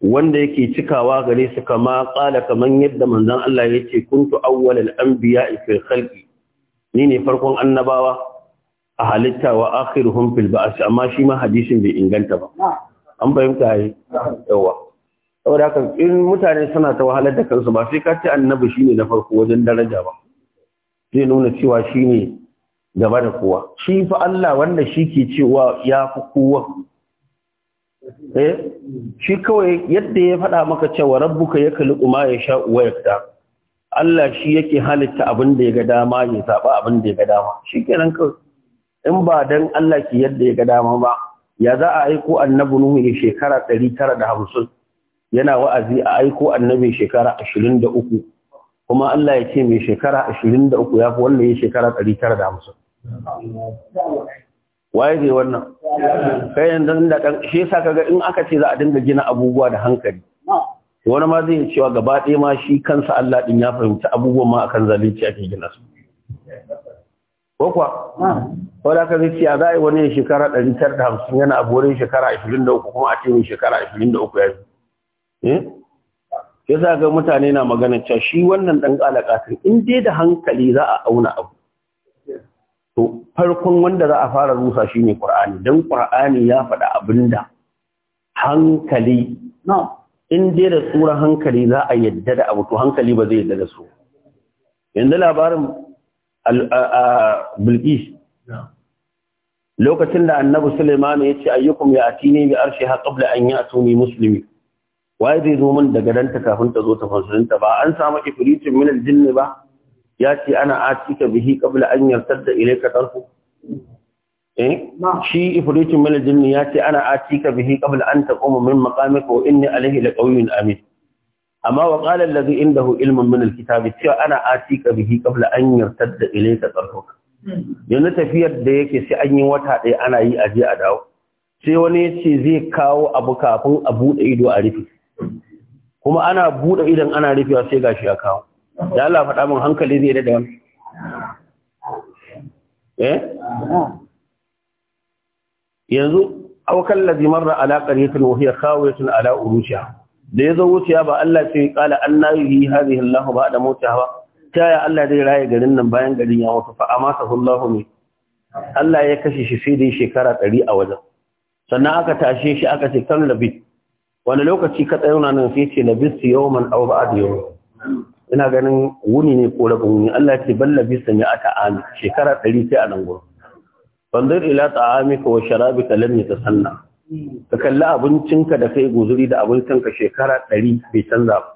A: wanda yake cikawa gare su kama kala kaman yadda manzon Allah yake ce kuntu awwalal anbiya fil khalqi ni ne farkon annabawa a halitta wa akhiruhum fil ba'th amma shi ma hadisin bai inganta ba an fahimta yi yawa saboda haka in mutane suna ta wahalar da kansu ba sai ka ce annabi shine na farko wajen daraja ba zai nuna cewa shine gaba da kowa shi fa Allah wanda shi ke cewa ya fi kowa E, shi kawai yadda ya faɗa maka cewa rabbuka kalli ma ya wa wayarta. Allah shi yake halitta abin da ya ga dama ya zaba abin da ya ga dama shikenan kawai in ba dan Allah ki yadda ya ga dama ba ya za a aiko annabi Nuhu ya shekara 950 yana wa'azi a aiko annabi shekara 23 kuma Allah ya ce mai shekara 23 fi wanda ya shekara da 950 waye zai wannan kai yanzu da dan shi yasa kaga in aka ce za a dinga gina abubuwa da hankali wani ma zai cewa gaba ɗaya ma shi kansa Allah din ya fahimci abubuwan ma akan zalunci ake gina su ko kuwa ko da ka zai ce za a yi wani shekara hamsin yana a borin shekara 23 kuma a ce mai shekara 23 ya yi eh yasa ga mutane na magana cewa shi wannan dan kalakatin in dai da hankali za a auna abu to farkon wanda za a fara rusa shi ne ƙur'ani don ƙur'ani ya faɗa abin da hankali in dai da tsoron hankali za a yadda da abu to hankali ba zai yadda da su yanzu labarin bilkis lokacin da annabi Sulaimani ya ce ayyukum ya atini bi ha qabla an yi a ya'tuni muslimi waye zai zo min daga danta kafin ta zo ta fasulunta ba an samu ifritin min aljinn ba ya ce ana atika bihi qabla an yartadda ilayka tarfu eh shi ifritin mala jinni ya ce ana atika bihi qabla an taquma min maqamika wa inni alayhi laqawiyyun amin amma wa qala alladhi indahu ilmun min alkitab cewa ana atika bihi qabla an yartadda ilayka tarfu hmm. yana tafiyar da yake sai an yi wata ɗaya ana yi aje a dawo sai wani ya ce zai kawo abu kafin a buɗe ido a rufe kuma ana buɗe idan ana rufewa sai gashi ya kawo da Allah faɗa min hankali zai da wani eh yanzu awkal ladhi marra ala qaryatin wa hiya khawiyatun ala urushiha da yazo wuciya ba Allah sai kala annahi hadhihi Allah ba'da mutiha ba taya Allah zai raye garin nan bayan garin ya wuce fa amasa Allah ne Allah ya kashe shi sai dai shekara 100 a wajen sannan aka tashe shi aka ce kan labi wani lokaci ka tsayuna nan sai ce labistu yawman aw ba'd yawm ina ganin wuni ne ko rabin wuni Allah ce balla bi sami aka ami shekara ɗari sai a nan gurin bandir ila ta'amika wa sharabika lam yatasanna ka kalli abincinka da kai guzuri da abincinka shekara ɗari bai canza ba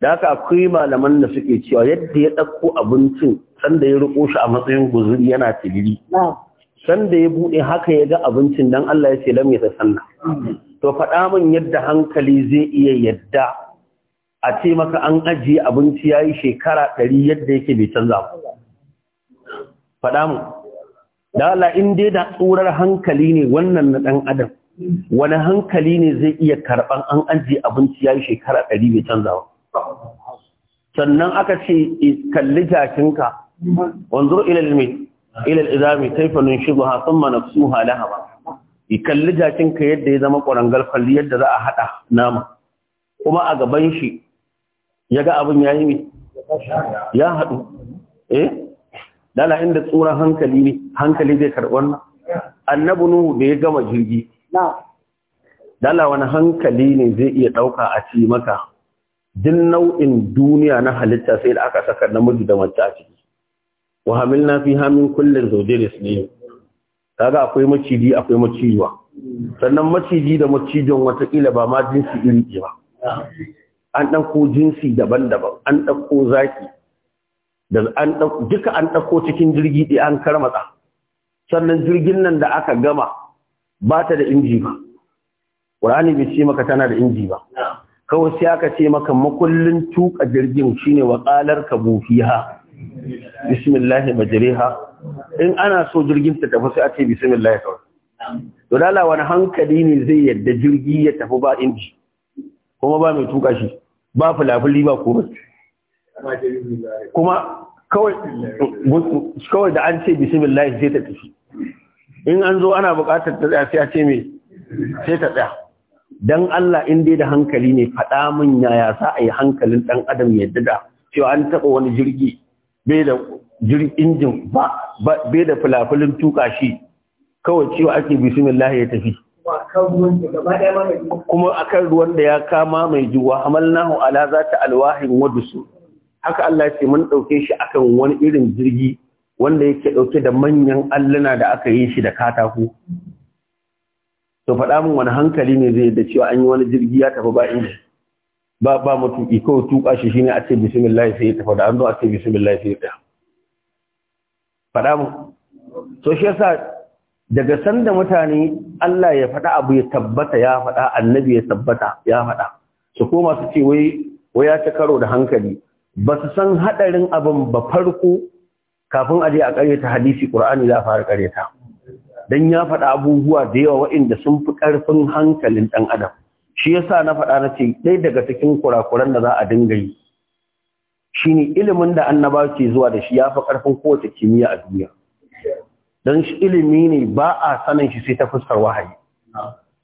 A: da haka akwai malaman da suke cewa yadda ya dauko abincin sanda ya riko shi a matsayin guzuri yana san sanda ya buɗe haka ya ga abincin dan Allah ya ce lam yatasanna to faɗa min yadda hankali zai iya yadda a ce maka an ajiye abinci ya yi shekara ɗari yadda yake bai canza ba. Faɗa mu, da Allah in dai da tsorar hankali ne wannan na ɗan adam, wani hankali ne zai iya karɓan an ajiye abinci ya yi shekara ɗari bai canza ba. Sannan aka ce eh, kalli jakinka, wanzu ilal mai, ilal izami taifanin shigo ha sun su halaha ba. Kalli jakinka yadda ya zama ƙwarangal kalli yadda za a haɗa nama. kuma a gaban shi ya ga abin ya yi ne ya haɗu eh dala inda tsoron hankali ne hankali zai karɓar na annabi nuhu da ya gama jirgi dala wani hankali ne zai iya ɗauka a ci maka din nau'in duniya na halitta sai da aka saka namiji da mace a ciki wa na fi hamin kullin zawjayn isnin kaga akwai maciji akwai macijuwa sannan maciji da macijin watakila ba ma jinsi iri ba an ɗauko jinsi daban-daban an ɗauko zaki da an duka an ɗauko cikin jirgi ɗaya an karmatsa sannan jirgin nan da aka gama ba ta da inji ba ƙur'ani bai ce maka tana da inji ba kawai sai aka ce maka makullin tuka jirgin shine wa qalar kabufiha bismillah majriha in ana so jirgin ta tafi sai a ce bismillahi kawai to dala wani hankali ne zai yadda jirgi ya tafi ba inji kuma ba mai tuka shi ba fulafuli ba kuma kuma kawai da an ce bismillah sai ta tafi in an zo ana buƙatar ta tsaya sai a ce me sai ta tsaya dan Allah in dai da hankali ne faɗa min yaya sa a yi hankalin ɗan adam ya da cewa an taɓa wani jirgi bai da injin ba bai da fulafulin tuka shi kawai cewa ake bismillah ya tafi kuma akan ruwan da ya kama mai juwa hamalnahu ala zata alwahin wadusu haka Allah ce mun dauke shi akan wani irin jirgi wanda yake dauke da manyan alluna da aka yi shi da katako to faɗa min wani hankali ne zai da cewa an yi wani jirgi ya tafi ba inda ba ba mutu iko tuka shi shine a ce bismillah sai ya tafi da an zo a ce bismillah sai ya tafi faɗa mun to shi yasa daga sanda mutane Allah ya faɗa abu ya tabbata ya faɗa annabi ya tabbata ya faɗa su koma su ce wai wai ya ci karo da hankali ba su san haɗarin abin ba farko kafin aje a ƙaryata hadisi ƙur'ani za a fara ƙaryata dan ya faɗa abubuwa da yawa waɗanda sun fi ƙarfin hankalin ɗan adam shi yasa na faɗa na ce ɗaya daga cikin kurakuran da za a dinga yi shine ilimin da annaba ke zuwa da shi ya fi ƙarfin kowace kimiyya a duniya don shi ilimi ne ba a sanin shi sai ta fuskar wahayi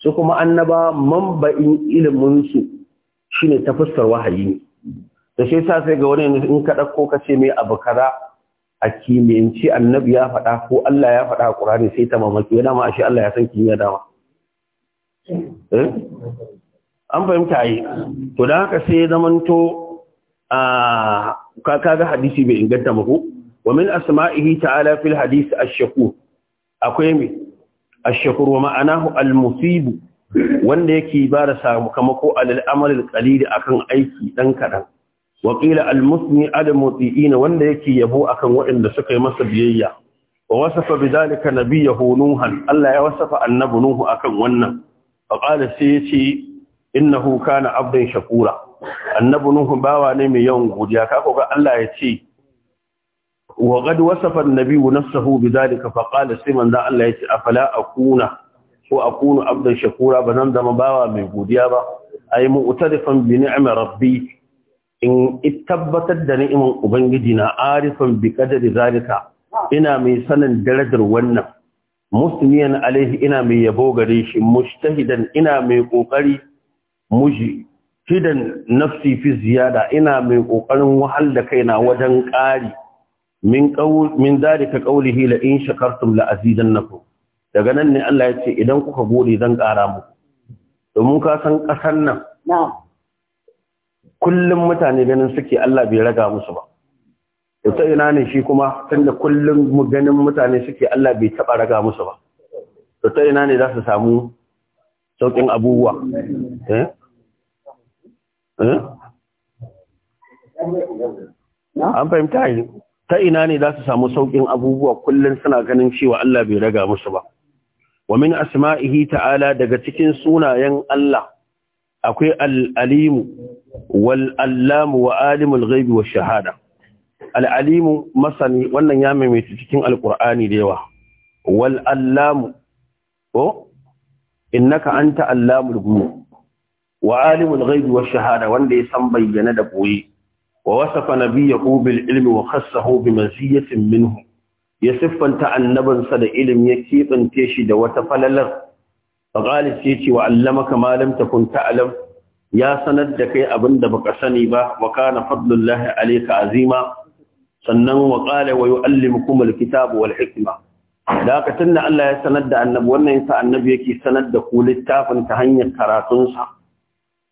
A: su kuma annaba mamba'in iliminsu shi ne ta fuskar wahayi ne da shi sa sai ga wani in ka ko ka ce mai abu kaza a kimiyanci annabi ya faɗa ko Allah ya faɗa a ƙurani sai ta mamaki yana ma ashe Allah ya san kimiyya dama eh? an fahimta yi to don haka sai zamanto ah, a kaga hadisi bai inganta maku? wa min asma'ihi ta'ala fil hadith ash-shakur akwai me ash-shakur wa ma'anahu al-musib wanda yake ba da sakamako alal amal al-qalil akan aiki dan kadan wa qila al-musni al-muti'in wanda yake yabo akan waɗanda suka yi masa biyayya wa wasafa bidalika nabiyahu nuhan Allah ya wasafa annabi nuhu akan wannan fa qala sai yace innahu kana abdan shakura annabi nuhu bawa ne mai yawan godiya kaga Allah ya ce وقد وصف النبي نفسه بذلك فقال سيمن ذا الله يتي افلا اكون هو اكون عبد شكورا بنان دم باوا من غوديا با اي مؤترفا بنعم ربي ان اتثبت النعم ابنجينا عارفا بقدر ذلك ina mai sanin darajar wannan musliman alaihi ina mai yabo gare shi mujtahidan ina mai kokari muji fidan nafsi fi ina mai ƙoƙarin wahal da kaina wajen kari min qaul min dalika qawlihi la in shakartum la azidannakum daga nan ne Allah ya ce idan kuka gode zan ƙara muku domin ka san ƙasar nan kullum mutane ganin suke Allah bai raga musu ba ta ina ne shi kuma tunda kullum ganin mutane suke Allah bai taɓa raga musu ba ta ina ne za su samu sauƙin abubuwa eh, eh? an fahimta yi ta ina ne za su samu sauƙin abubuwa kullum suna ganin cewa Allah bai raga musu ba. Wa min asma'ihi ta'ala daga cikin sunayen Allah akwai al'alimu wal'allamu wa alimul ghaibi wa shahada. Al'alimu masani wannan ya maimaita cikin alƙur'ani da yawa. Wal'allamu, o, innaka an ta'allamul gumu, wa alimul ghaibi wa shahada wanda ya san bayyana da ɓoye. ووصف نبيه بالعلم وخصه بمزية منه يصف أنت عن نبن صد علم يكيب أن تشد وتفلل فقال سيتي وعلمك ما لم تكن تعلم يا سند كي أبن دبك سنبا وكان فضل الله عليك عظيما سنن وقال ويؤلمكم الكتاب والحكمة da haka tunda Allah ya sanar da annabi wannan yasa annabi yake sanar da ku littafin ta hanyar karatunsa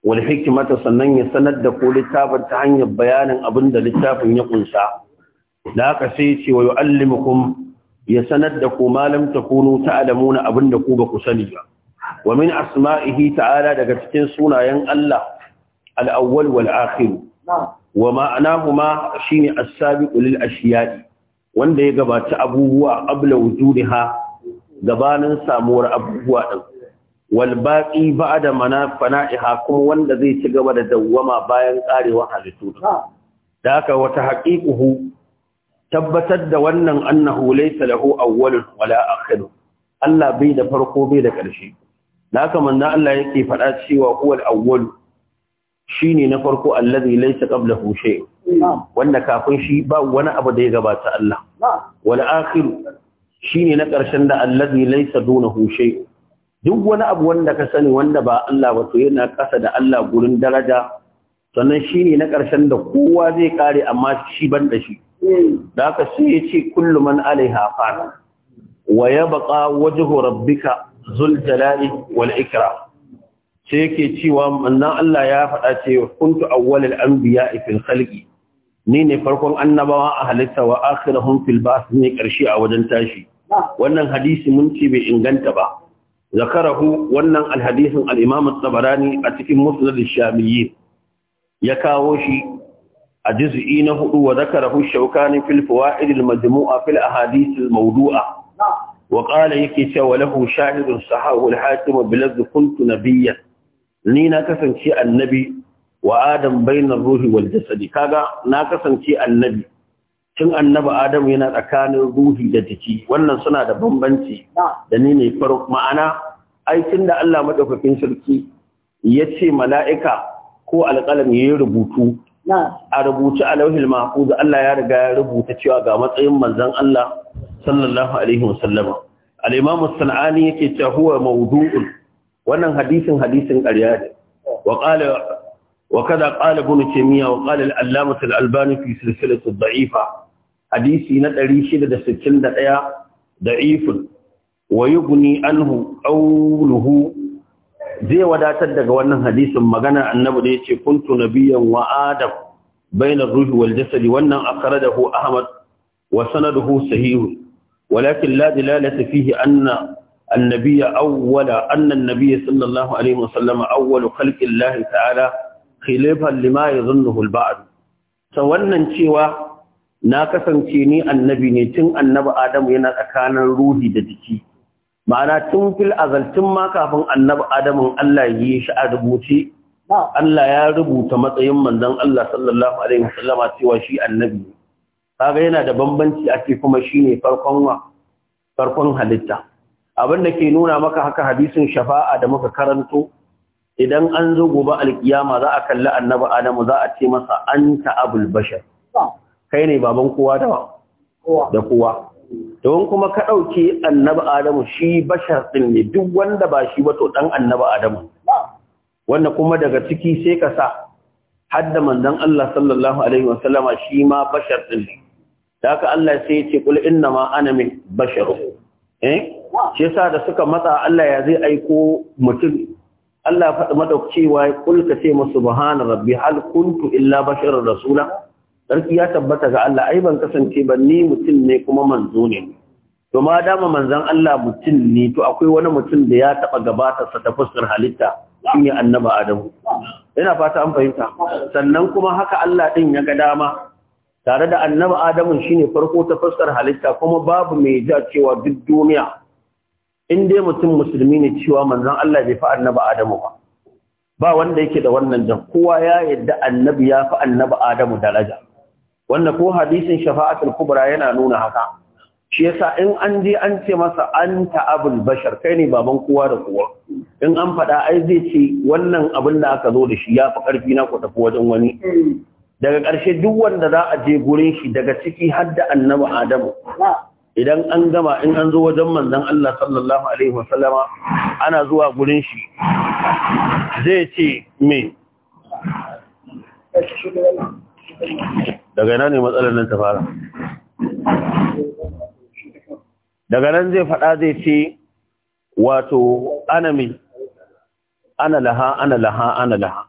A: wal hikmata sannan ya sanar da ko littafin ta hanyar bayanin abin da littafin ya kunsa da aka sai ce wa yu'allimukum ya sanar da ku malam takunu ta'lamuna abin da ku ba ku sani ba wa min asma'ihi ta'ala daga cikin sunayen Allah al-awwal wal akhir wa ma'anahuma shine as-sabiqu lil ashiya'i wanda ya gabaci abubuwa abla wujudiha gabanin samuwar abubuwa din wal baqi ba'da fana'iha kuma wanda zai ci gaba da dawwama bayan karewa halittu da haka wata haƙiƙuhu, tabbatar da wannan annahu laysa lahu awwalun wala akhiru Allah bai da farko bai da ƙarshe Na haka na Allah yake faɗa cewa huwal awwalu shine na farko allazi laysa qablahu shay wanda kafin shi ba wani abu da ya gabata Allah wal akhir shine na ƙarshen da allazi laysa dunahu shay duk wani abu wanda ka sani wanda ba Allah ba to yana ƙasa da Allah gurin daraja sannan shi ne na ƙarshen da kowa zai kare amma shi ban da shi da haka sai ya ce kullu man alaiha fan wa yabqa wajhu rabbika zul jalali wal ikram sai yake cewa manzon Allah ya faɗa ce kuntu awwalul anbiya fil khalqi ni ne farkon annabawa a halitta wa akhirahum fil ba'th ne karshe a wajen tashi wannan hadisi mun ce bai inganta ba zakarahu wannan alhadisin al-imam a cikin musnad ash ya kawo shi a juz'i na hudu wa zakarahu shaukani shawkani idil fawaid majmua fil ahadith al-mawdu'a wa yake cewa lahu shahidun sahahu al-hakim bilaz kuntu biyar. ni na kasance annabi wa adam bainar ruhi wal jasadi kaga na kasance annabi tun annaba adamu yana tsakanin ruhi da jiki wannan suna da bambanci da ni ne faru. ma'ana aikin da Allah maɗaukakin sarki ya ce mala'ika ko alƙalam ya yi rubutu a rubuce a lauhil da Allah ya riga ya rubuta cewa ga matsayin manzon Allah sallallahu alaihi wasallama al-imam sanani yake cewa huwa wannan hadisin hadisin ƙarya ne wa وكذا قال ابن تيمية وقال الألامة الألباني في سلسلة الضعيفة حديثي نتري شدة ستين دقيقة ضعيف ويغني عنه قوله zai wadatar daga wannan hadisin magana annabi da yace kuntu nabiyyan wa adam baina ruhi wal jasadi wannan akhrajahu ahmad wa sanaduhu sahih walakin la dilalata fihi anna النبي أول أن النبي صلى الله عليه وسلم أول خلق الله ta'ala. khilafan lima ya al ba'adu. ta wannan cewa na kasance ni annabi ne tun annabi Adamu yana tsakanin ruhi da jiki ma'ana tun fil azaltun ma kafin annabi Adamu Allah yi shi a rubuce Allah ya rubuta matsayin manzon Allah sallallahu alaihi wasallama cewa shi annabi ne kaga yana da bambanci ake kuma shine farkon farkon halitta abin da ke nuna maka haka hadisin shafa'a da muka karanto idan an zo gobe alkiyama za a kalli annabi adamu za a ce masa anta abul bashar kai ne baban kowa da da kowa don kuma ka dauke annabi adamu shi bashar din ne duk wanda ba shi ba to dan annabi adamu wanda kuma daga ciki sai ka sa hadda manzon Allah sallallahu alaihi wasallama shi ma bashar din ne haka Allah sai ya ce kul inna ma ana min basharu eh shi yasa da suka matsa Allah ya zai aiko mutum Allah ya faɗi madaukacewa ya kulka ce masu buhana rabbi hal kuntu illa basharar rasula sarki ya tabbata ga Allah ai ban kasance ba ni mutum ne kuma manzo ne to ma dama manzon Allah mutum ne to akwai wani mutum da ya taba gabata sa ta fuskar halitta shine annaba Adamu ina fata an fahimta sannan kuma haka Allah din ya ga dama tare da annaba Adamu shine farko ta fuskar halitta kuma babu mai ja cewa duk duniya in dai mutum musulmi ne cewa manzon Allah bai fi annabi Adamu ba ba wanda yake da wannan jan kowa ya yadda annabi ya fi annabi Adamu daraja wanda ko hadisin shafa'atul kubra yana nuna haka shi yasa in an je an ce masa anta abul bashar kai ne baban kowa da kowa in an faɗa ai zai ce wannan abin da aka zo da shi ya fi ƙarfi na ku tafi wajen wani daga ƙarshe duk wanda za a je gurin shi daga ciki har da annabi adamu idan an gama in an zo wajen manzan Allah sallallahu Alaihi wasallama ana zuwa gurin shi zai ce me daga nan ne matsalar nan ta fara daga nan zai faɗa zai ce wato ana me ana laha ana laha ana laha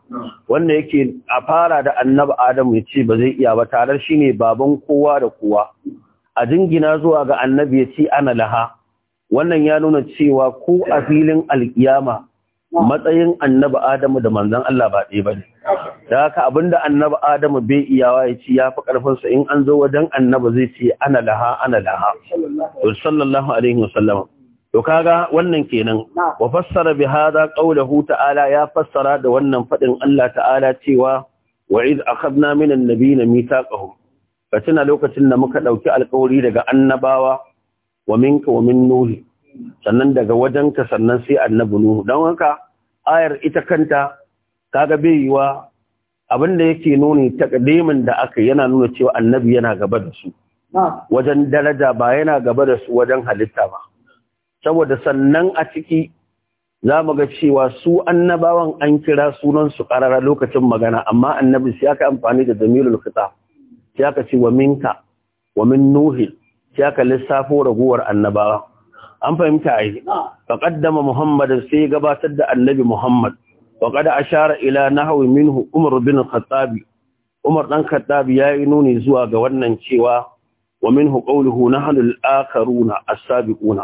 A: wanda yake a fara da annabi adam ya ce ba zai iya ba tarar shine baban kowa da kowa a jingina zuwa ga annabi ya ce ana laha wannan ya nuna cewa ko a filin alkiyama matsayin annabi adamu da Manzan Allah ba ɗaya ba ne. da haka abinda annabi adamu bai iyawa ya ci yafi fi ƙarfinsa in an zo wajen annabi zai ce ana laha ana laha sallallahu alaihi wasallam to kaga wannan kenan wa fassara bi hadha qawluhu ta'ala ya fassara da wannan fadin Allah ta'ala cewa wa iz akhadna minan nabiyina mithaqahum ka tuna lokacin da muka ɗauki alkawari daga annabawa wa minka wa min nuhi sannan daga wajenka sannan sai annabi nuhu don haka ayar ita kanta kaga bai yiwa abin da yake nuni takdimin da aka yana nuna cewa annabi yana gaba da su wajen daraja ba yana gaba da su wajen halitta ba saboda sannan a ciki za mu ga cewa su annabawan an kira sunan su ƙarara lokacin magana amma annabi sai aka amfani da damilul khitab sai aka ce wa minka wa min nuhi sai aka lissafo raguwar annabawa an fahimta ai fa qaddama muhammad sai gabatar da annabi muhammad wa qad ashara ila nahwi minhu umar bin khattab umar dan ya yayi nuni zuwa ga wannan cewa wa minhu qawluhu nahnu al-akharuna as-sabiquna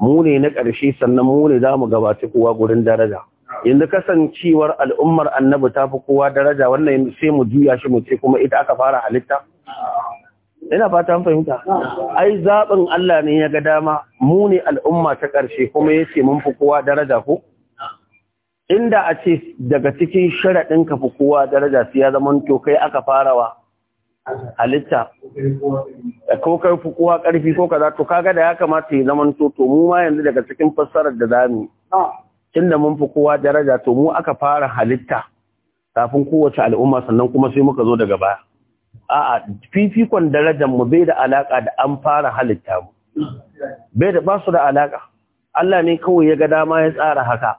A: mu ne na ƙarshe sannan mu ne zamu gabata kowa gurin daraja yanzu kasancewar al'ummar annabi ta fi kowa daraja wannan sai mu juya shi mu ce kuma ita aka fara halitta ina fata an fahimta ai zaɓin Allah ne ya ga dama mu ne al'umma ta ƙarshe kuma ya ce mun fi kowa daraja ko inda a ce daga cikin sharaɗin ka fi kowa daraja su ya zama to kai aka farawa halitta ko kai fi kowa ƙarfi ko kaza to kaga da ya kamata ya zama to to mu ma yanzu daga cikin fassarar da zamu yi tunda mun fi kowa daraja to mu aka fara halitta kafin kowace al'umma sannan kuma sai muka zo daga baya a'a fifikon darajar mu bai da alaka da an fara halitta mu bai da basu da alaka Allah ne kawai ya ga dama ya tsara haka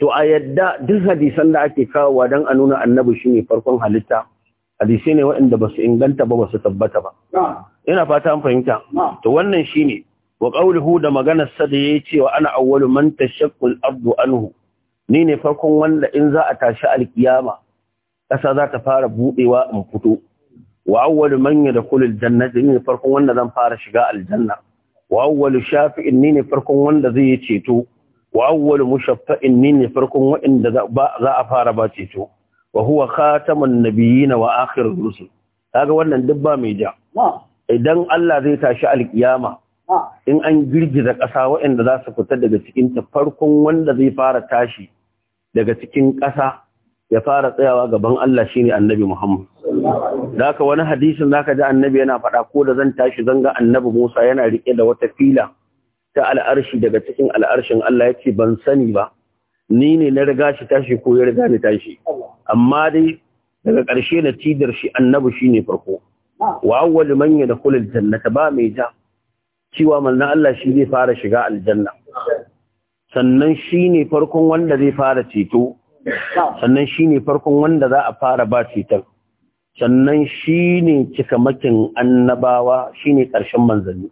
A: to a yadda duk hadisan da ake kawowa dan a nuna annabi shine farkon halitta hadisi ne waɗanda ba su inganta ba ba su tabbata ba ina fata an fahimta to wannan shine wa qawluhu da maganar sa da yi cewa ana awwalu man tashaqqu al anhu ni ne farkon wanda in za a tashi alkiyama ƙasa za ta fara buɗewa in fito wa awwalu man yadkhulu al ni ne farkon wanda zan fara shiga aljanna wa awwalu shafi'in ni ne farkon wanda zai yi ceto wa awwalu mushaffa'in ni ne farkon wanda za a fara ba ceto wa huwa khatamun nabiyina wa akhirur rusul kaga wannan duk ba mai ja idan Allah zai tashi alkiyama in an girgiza ƙasa waɗanda za su fita daga cikin ta farkon wanda zai fara tashi daga cikin ƙasa ya fara tsayawa gaban Allah shine annabi Muhammad da haka wani hadisin zaka ji annabi yana faɗa ko da zan tashi zan ga annabi Musa yana riƙe da wata fila ta al'arshi daga cikin al'arshin Allah yace ban sani ba ni ne na riga shi tashi ko ya riga ni tashi amma dai daga ƙarshe na tidar shi annabi shine farko wa awwal man yadkhulul jannata ba mai ja cewa manzon Allah shi zai fara shiga aljanna sannan shi ne farkon wanda zai fara ceto sannan shi ne farkon wanda za a fara ba ceton sannan shi ne cikamakin annabawa shi ne ƙarshen manzanni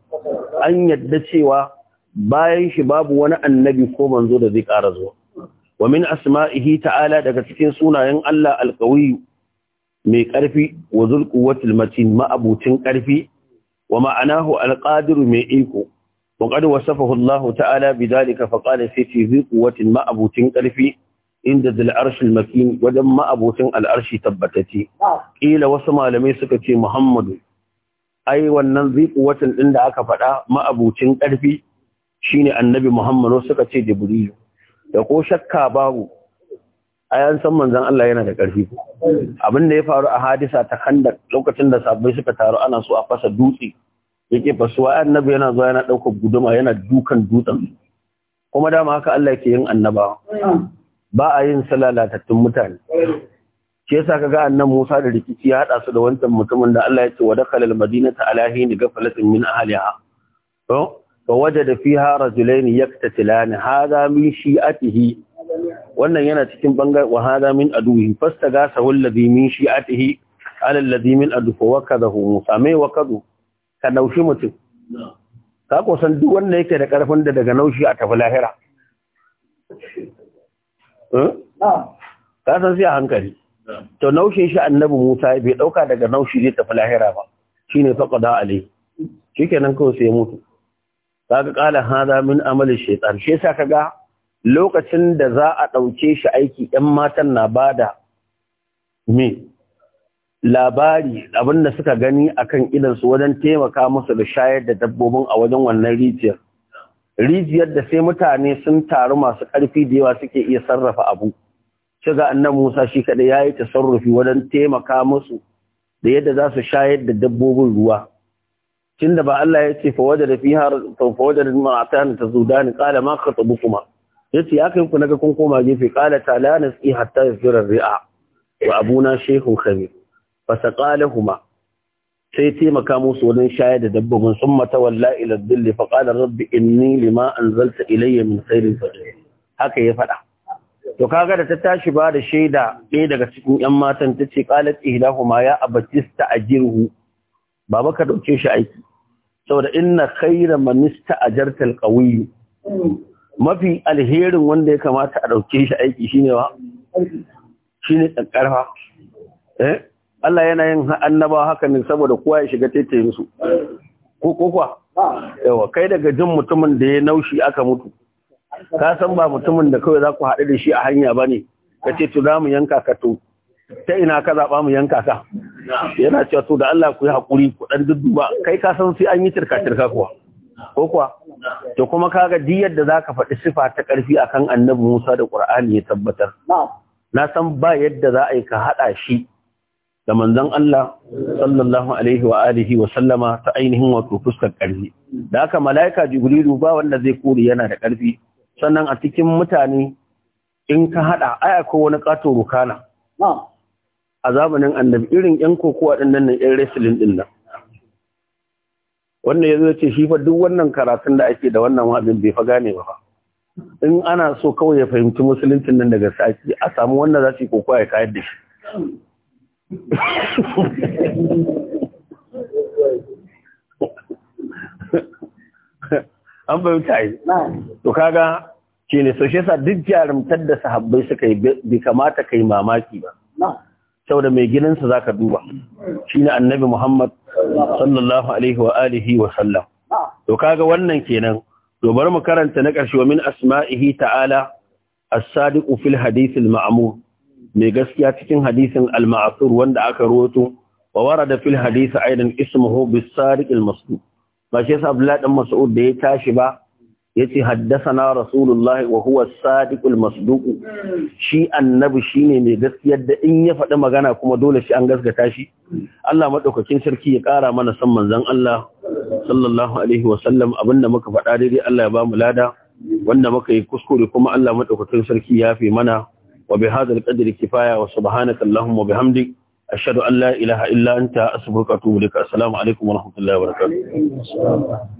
A: an yadda cewa bayan shi babu wani annabi ko manzo da zai ƙara zuwa wa min asma'ihi ta'ala daga cikin sunayen Allah alƙawiyu mai ƙarfi wa zulquwatil matin ma'abucin ƙarfi wa ma'anahu alqadiru mai iko wa qad wasafahu Allah ta'ala bidalika fa qala fi fi quwwatin ma'abutin karfi inda dal arshil makin wajen ma'abutin al'arshi tabbatati kila wasu malamai suka ce Muhammadu ai wannan zai quwwatin din da aka faɗa ma'abutin karfi shine annabi Muhammadu suka ce Jibrilu da ko shakka babu ayan 'yan san manzon Allah yana da ƙarfi abin da ya faru a hadisa ta kanda lokacin da sabbai suka taru ana so a fasa dutse yake wa annabi yana zuwa yana ɗaukar guduma yana dukan dutsen kuma dama haka Allah ke yin annaba ba a yin salalatattun mutane ke yasa kaga annan Musa da rikici ya hada su da wancan mutumin da Allah ya ce wa dakhala al-madinata ala hin ghaflatin min ahliha to fa wajada fiha rajulain yaktatilani hadha min shi'atihi wannan yana cikin bangar wa hada min aduhi fastagasa wallazi min shi'atihi ala allazi min aduhu wa kadahu musa mai wa kadu ka naushi mutum ka ko san duk wanda yake da karfin da daga naushi a tafi lahira hmm? ka san sai a hankali to naushin shi annabi musa bai dauka daga naushi zai tafi lahira ba shine faqada alai shikenan ko sai ya mutu kaga qala hada min amali shaytan shi yasa kaga lokacin da za a ɗauke shi aiki ‘yan matan na ba da me labari abinda suka gani a kan idansu wajen taimaka musu da shayar da dabbobin a wajen wannan rijiyar rijiyar da sai mutane sun taru masu ƙarfi da yawa suke iya sarrafa abu shiga annan musa shi kaɗai ya yi tasarrufi wajen taimaka musu da yadda za su shayar da dabbobin ruwa tun da ba Allah ya ce fa wajen da fi har fa wajen da ta zudani kala ma ka tabu kuma yace akan ku naga kun koma gefe qala ta la nasi hatta yasjura ri'a wa abuna shaykhun khabir fasaqalahuma sai taimaka musu wajen shayar da dabbobin sun mata walla ila dilli, fa qala rabbi inni lima anzalta ilayya min khairin faqir haka ya fada to kaga da ta tashi ba da shaida ɗaya daga cikin 'yan matan ta ce qalat ilahuma ya abatista ajirhu baba ka dauke shi aiki saboda inna khayra man ista'jarta alqawi mafi alherin wanda ya kamata a ɗauke shi aiki shine wa ne ƙarfa eh Allah yana yin annabawa haka ne saboda kowa ya shiga taitayin su ko ko kwa yawa kai daga jin mutumin da ya naushi aka mutu ka san ba mutumin da kawai za ku haɗu da shi a hanya ba ne ka ce to mu yanka ka to ta ina ka zaɓa mu yanka ka yana cewa to da Allah ku yi haƙuri ku ɗan dudduba kai ka san sai an yi cirka cirka kuwa ko kuwa to kuma kaga duk yadda ka faɗi sifa ta ƙarfi akan annabi Musa da Qur'ani ya tabbatar na san ba yadda za a yi ka haɗa shi da manzon Allah sallallahu alaihi wa alihi wa sallama ta ainihin wato fuskar ƙarfi da haka malaika jibrilu ba wanda zai kore yana da ƙarfi sannan a cikin mutane in ka haɗa ai wani ƙato rukana a zamanin annabi irin ƴan kokowa ɗin nan yan wrestling ɗin nan Wannan ya zo ce shi fa duk wannan karatun da ake da wannan wa'azin bai fa gane ba in ana so kawai ya fahimci musuluncin nan daga saki a samu wannan za su kokowa ya kayar da shi an fahimta yi to kaga ke ne so shi yasa duk jarumtar da sahabbai suka yi bai kamata kai mamaki ba saboda mai gidansa ka duba Shi ne annabi Muhammad sallallahu alaihi wa alihi wa sallam to kaga wannan kenan to bari mu karanta na ƙarshe wa min asma'ihi ta'ala as-sadiqu fil hadith al-ma'mur mai gaskiya cikin hadisin al-ma'thur wanda aka rawaito wa warada fil hadith aidan ismuhu bis-sadiq al-masduq ba shi sa Abdullah dan Mas'ud da ya tashi ba Ya haddasa na rasulullahi wa huwa sadiqul masduq shi annabi ne mai gaskiyar da in ya faɗi magana kuma dole shi an gaskata shi Allah maɗaukakin sarki ya ƙara mana san manzon Allah sallallahu alaihi wa sallam abinda muka faɗa daidai Allah ya ba mu lada wanda muka yi kuskure kuma Allah madaukakin sarki ya fi mana wa bi hadal qadri kifaya wa subhanaka allahumma wa bihamdik ashhadu an la ilaha illa anta astaghfiruka wa atubu ilaik assalamu alaikum wa rahmatullahi wa
B: barakatuh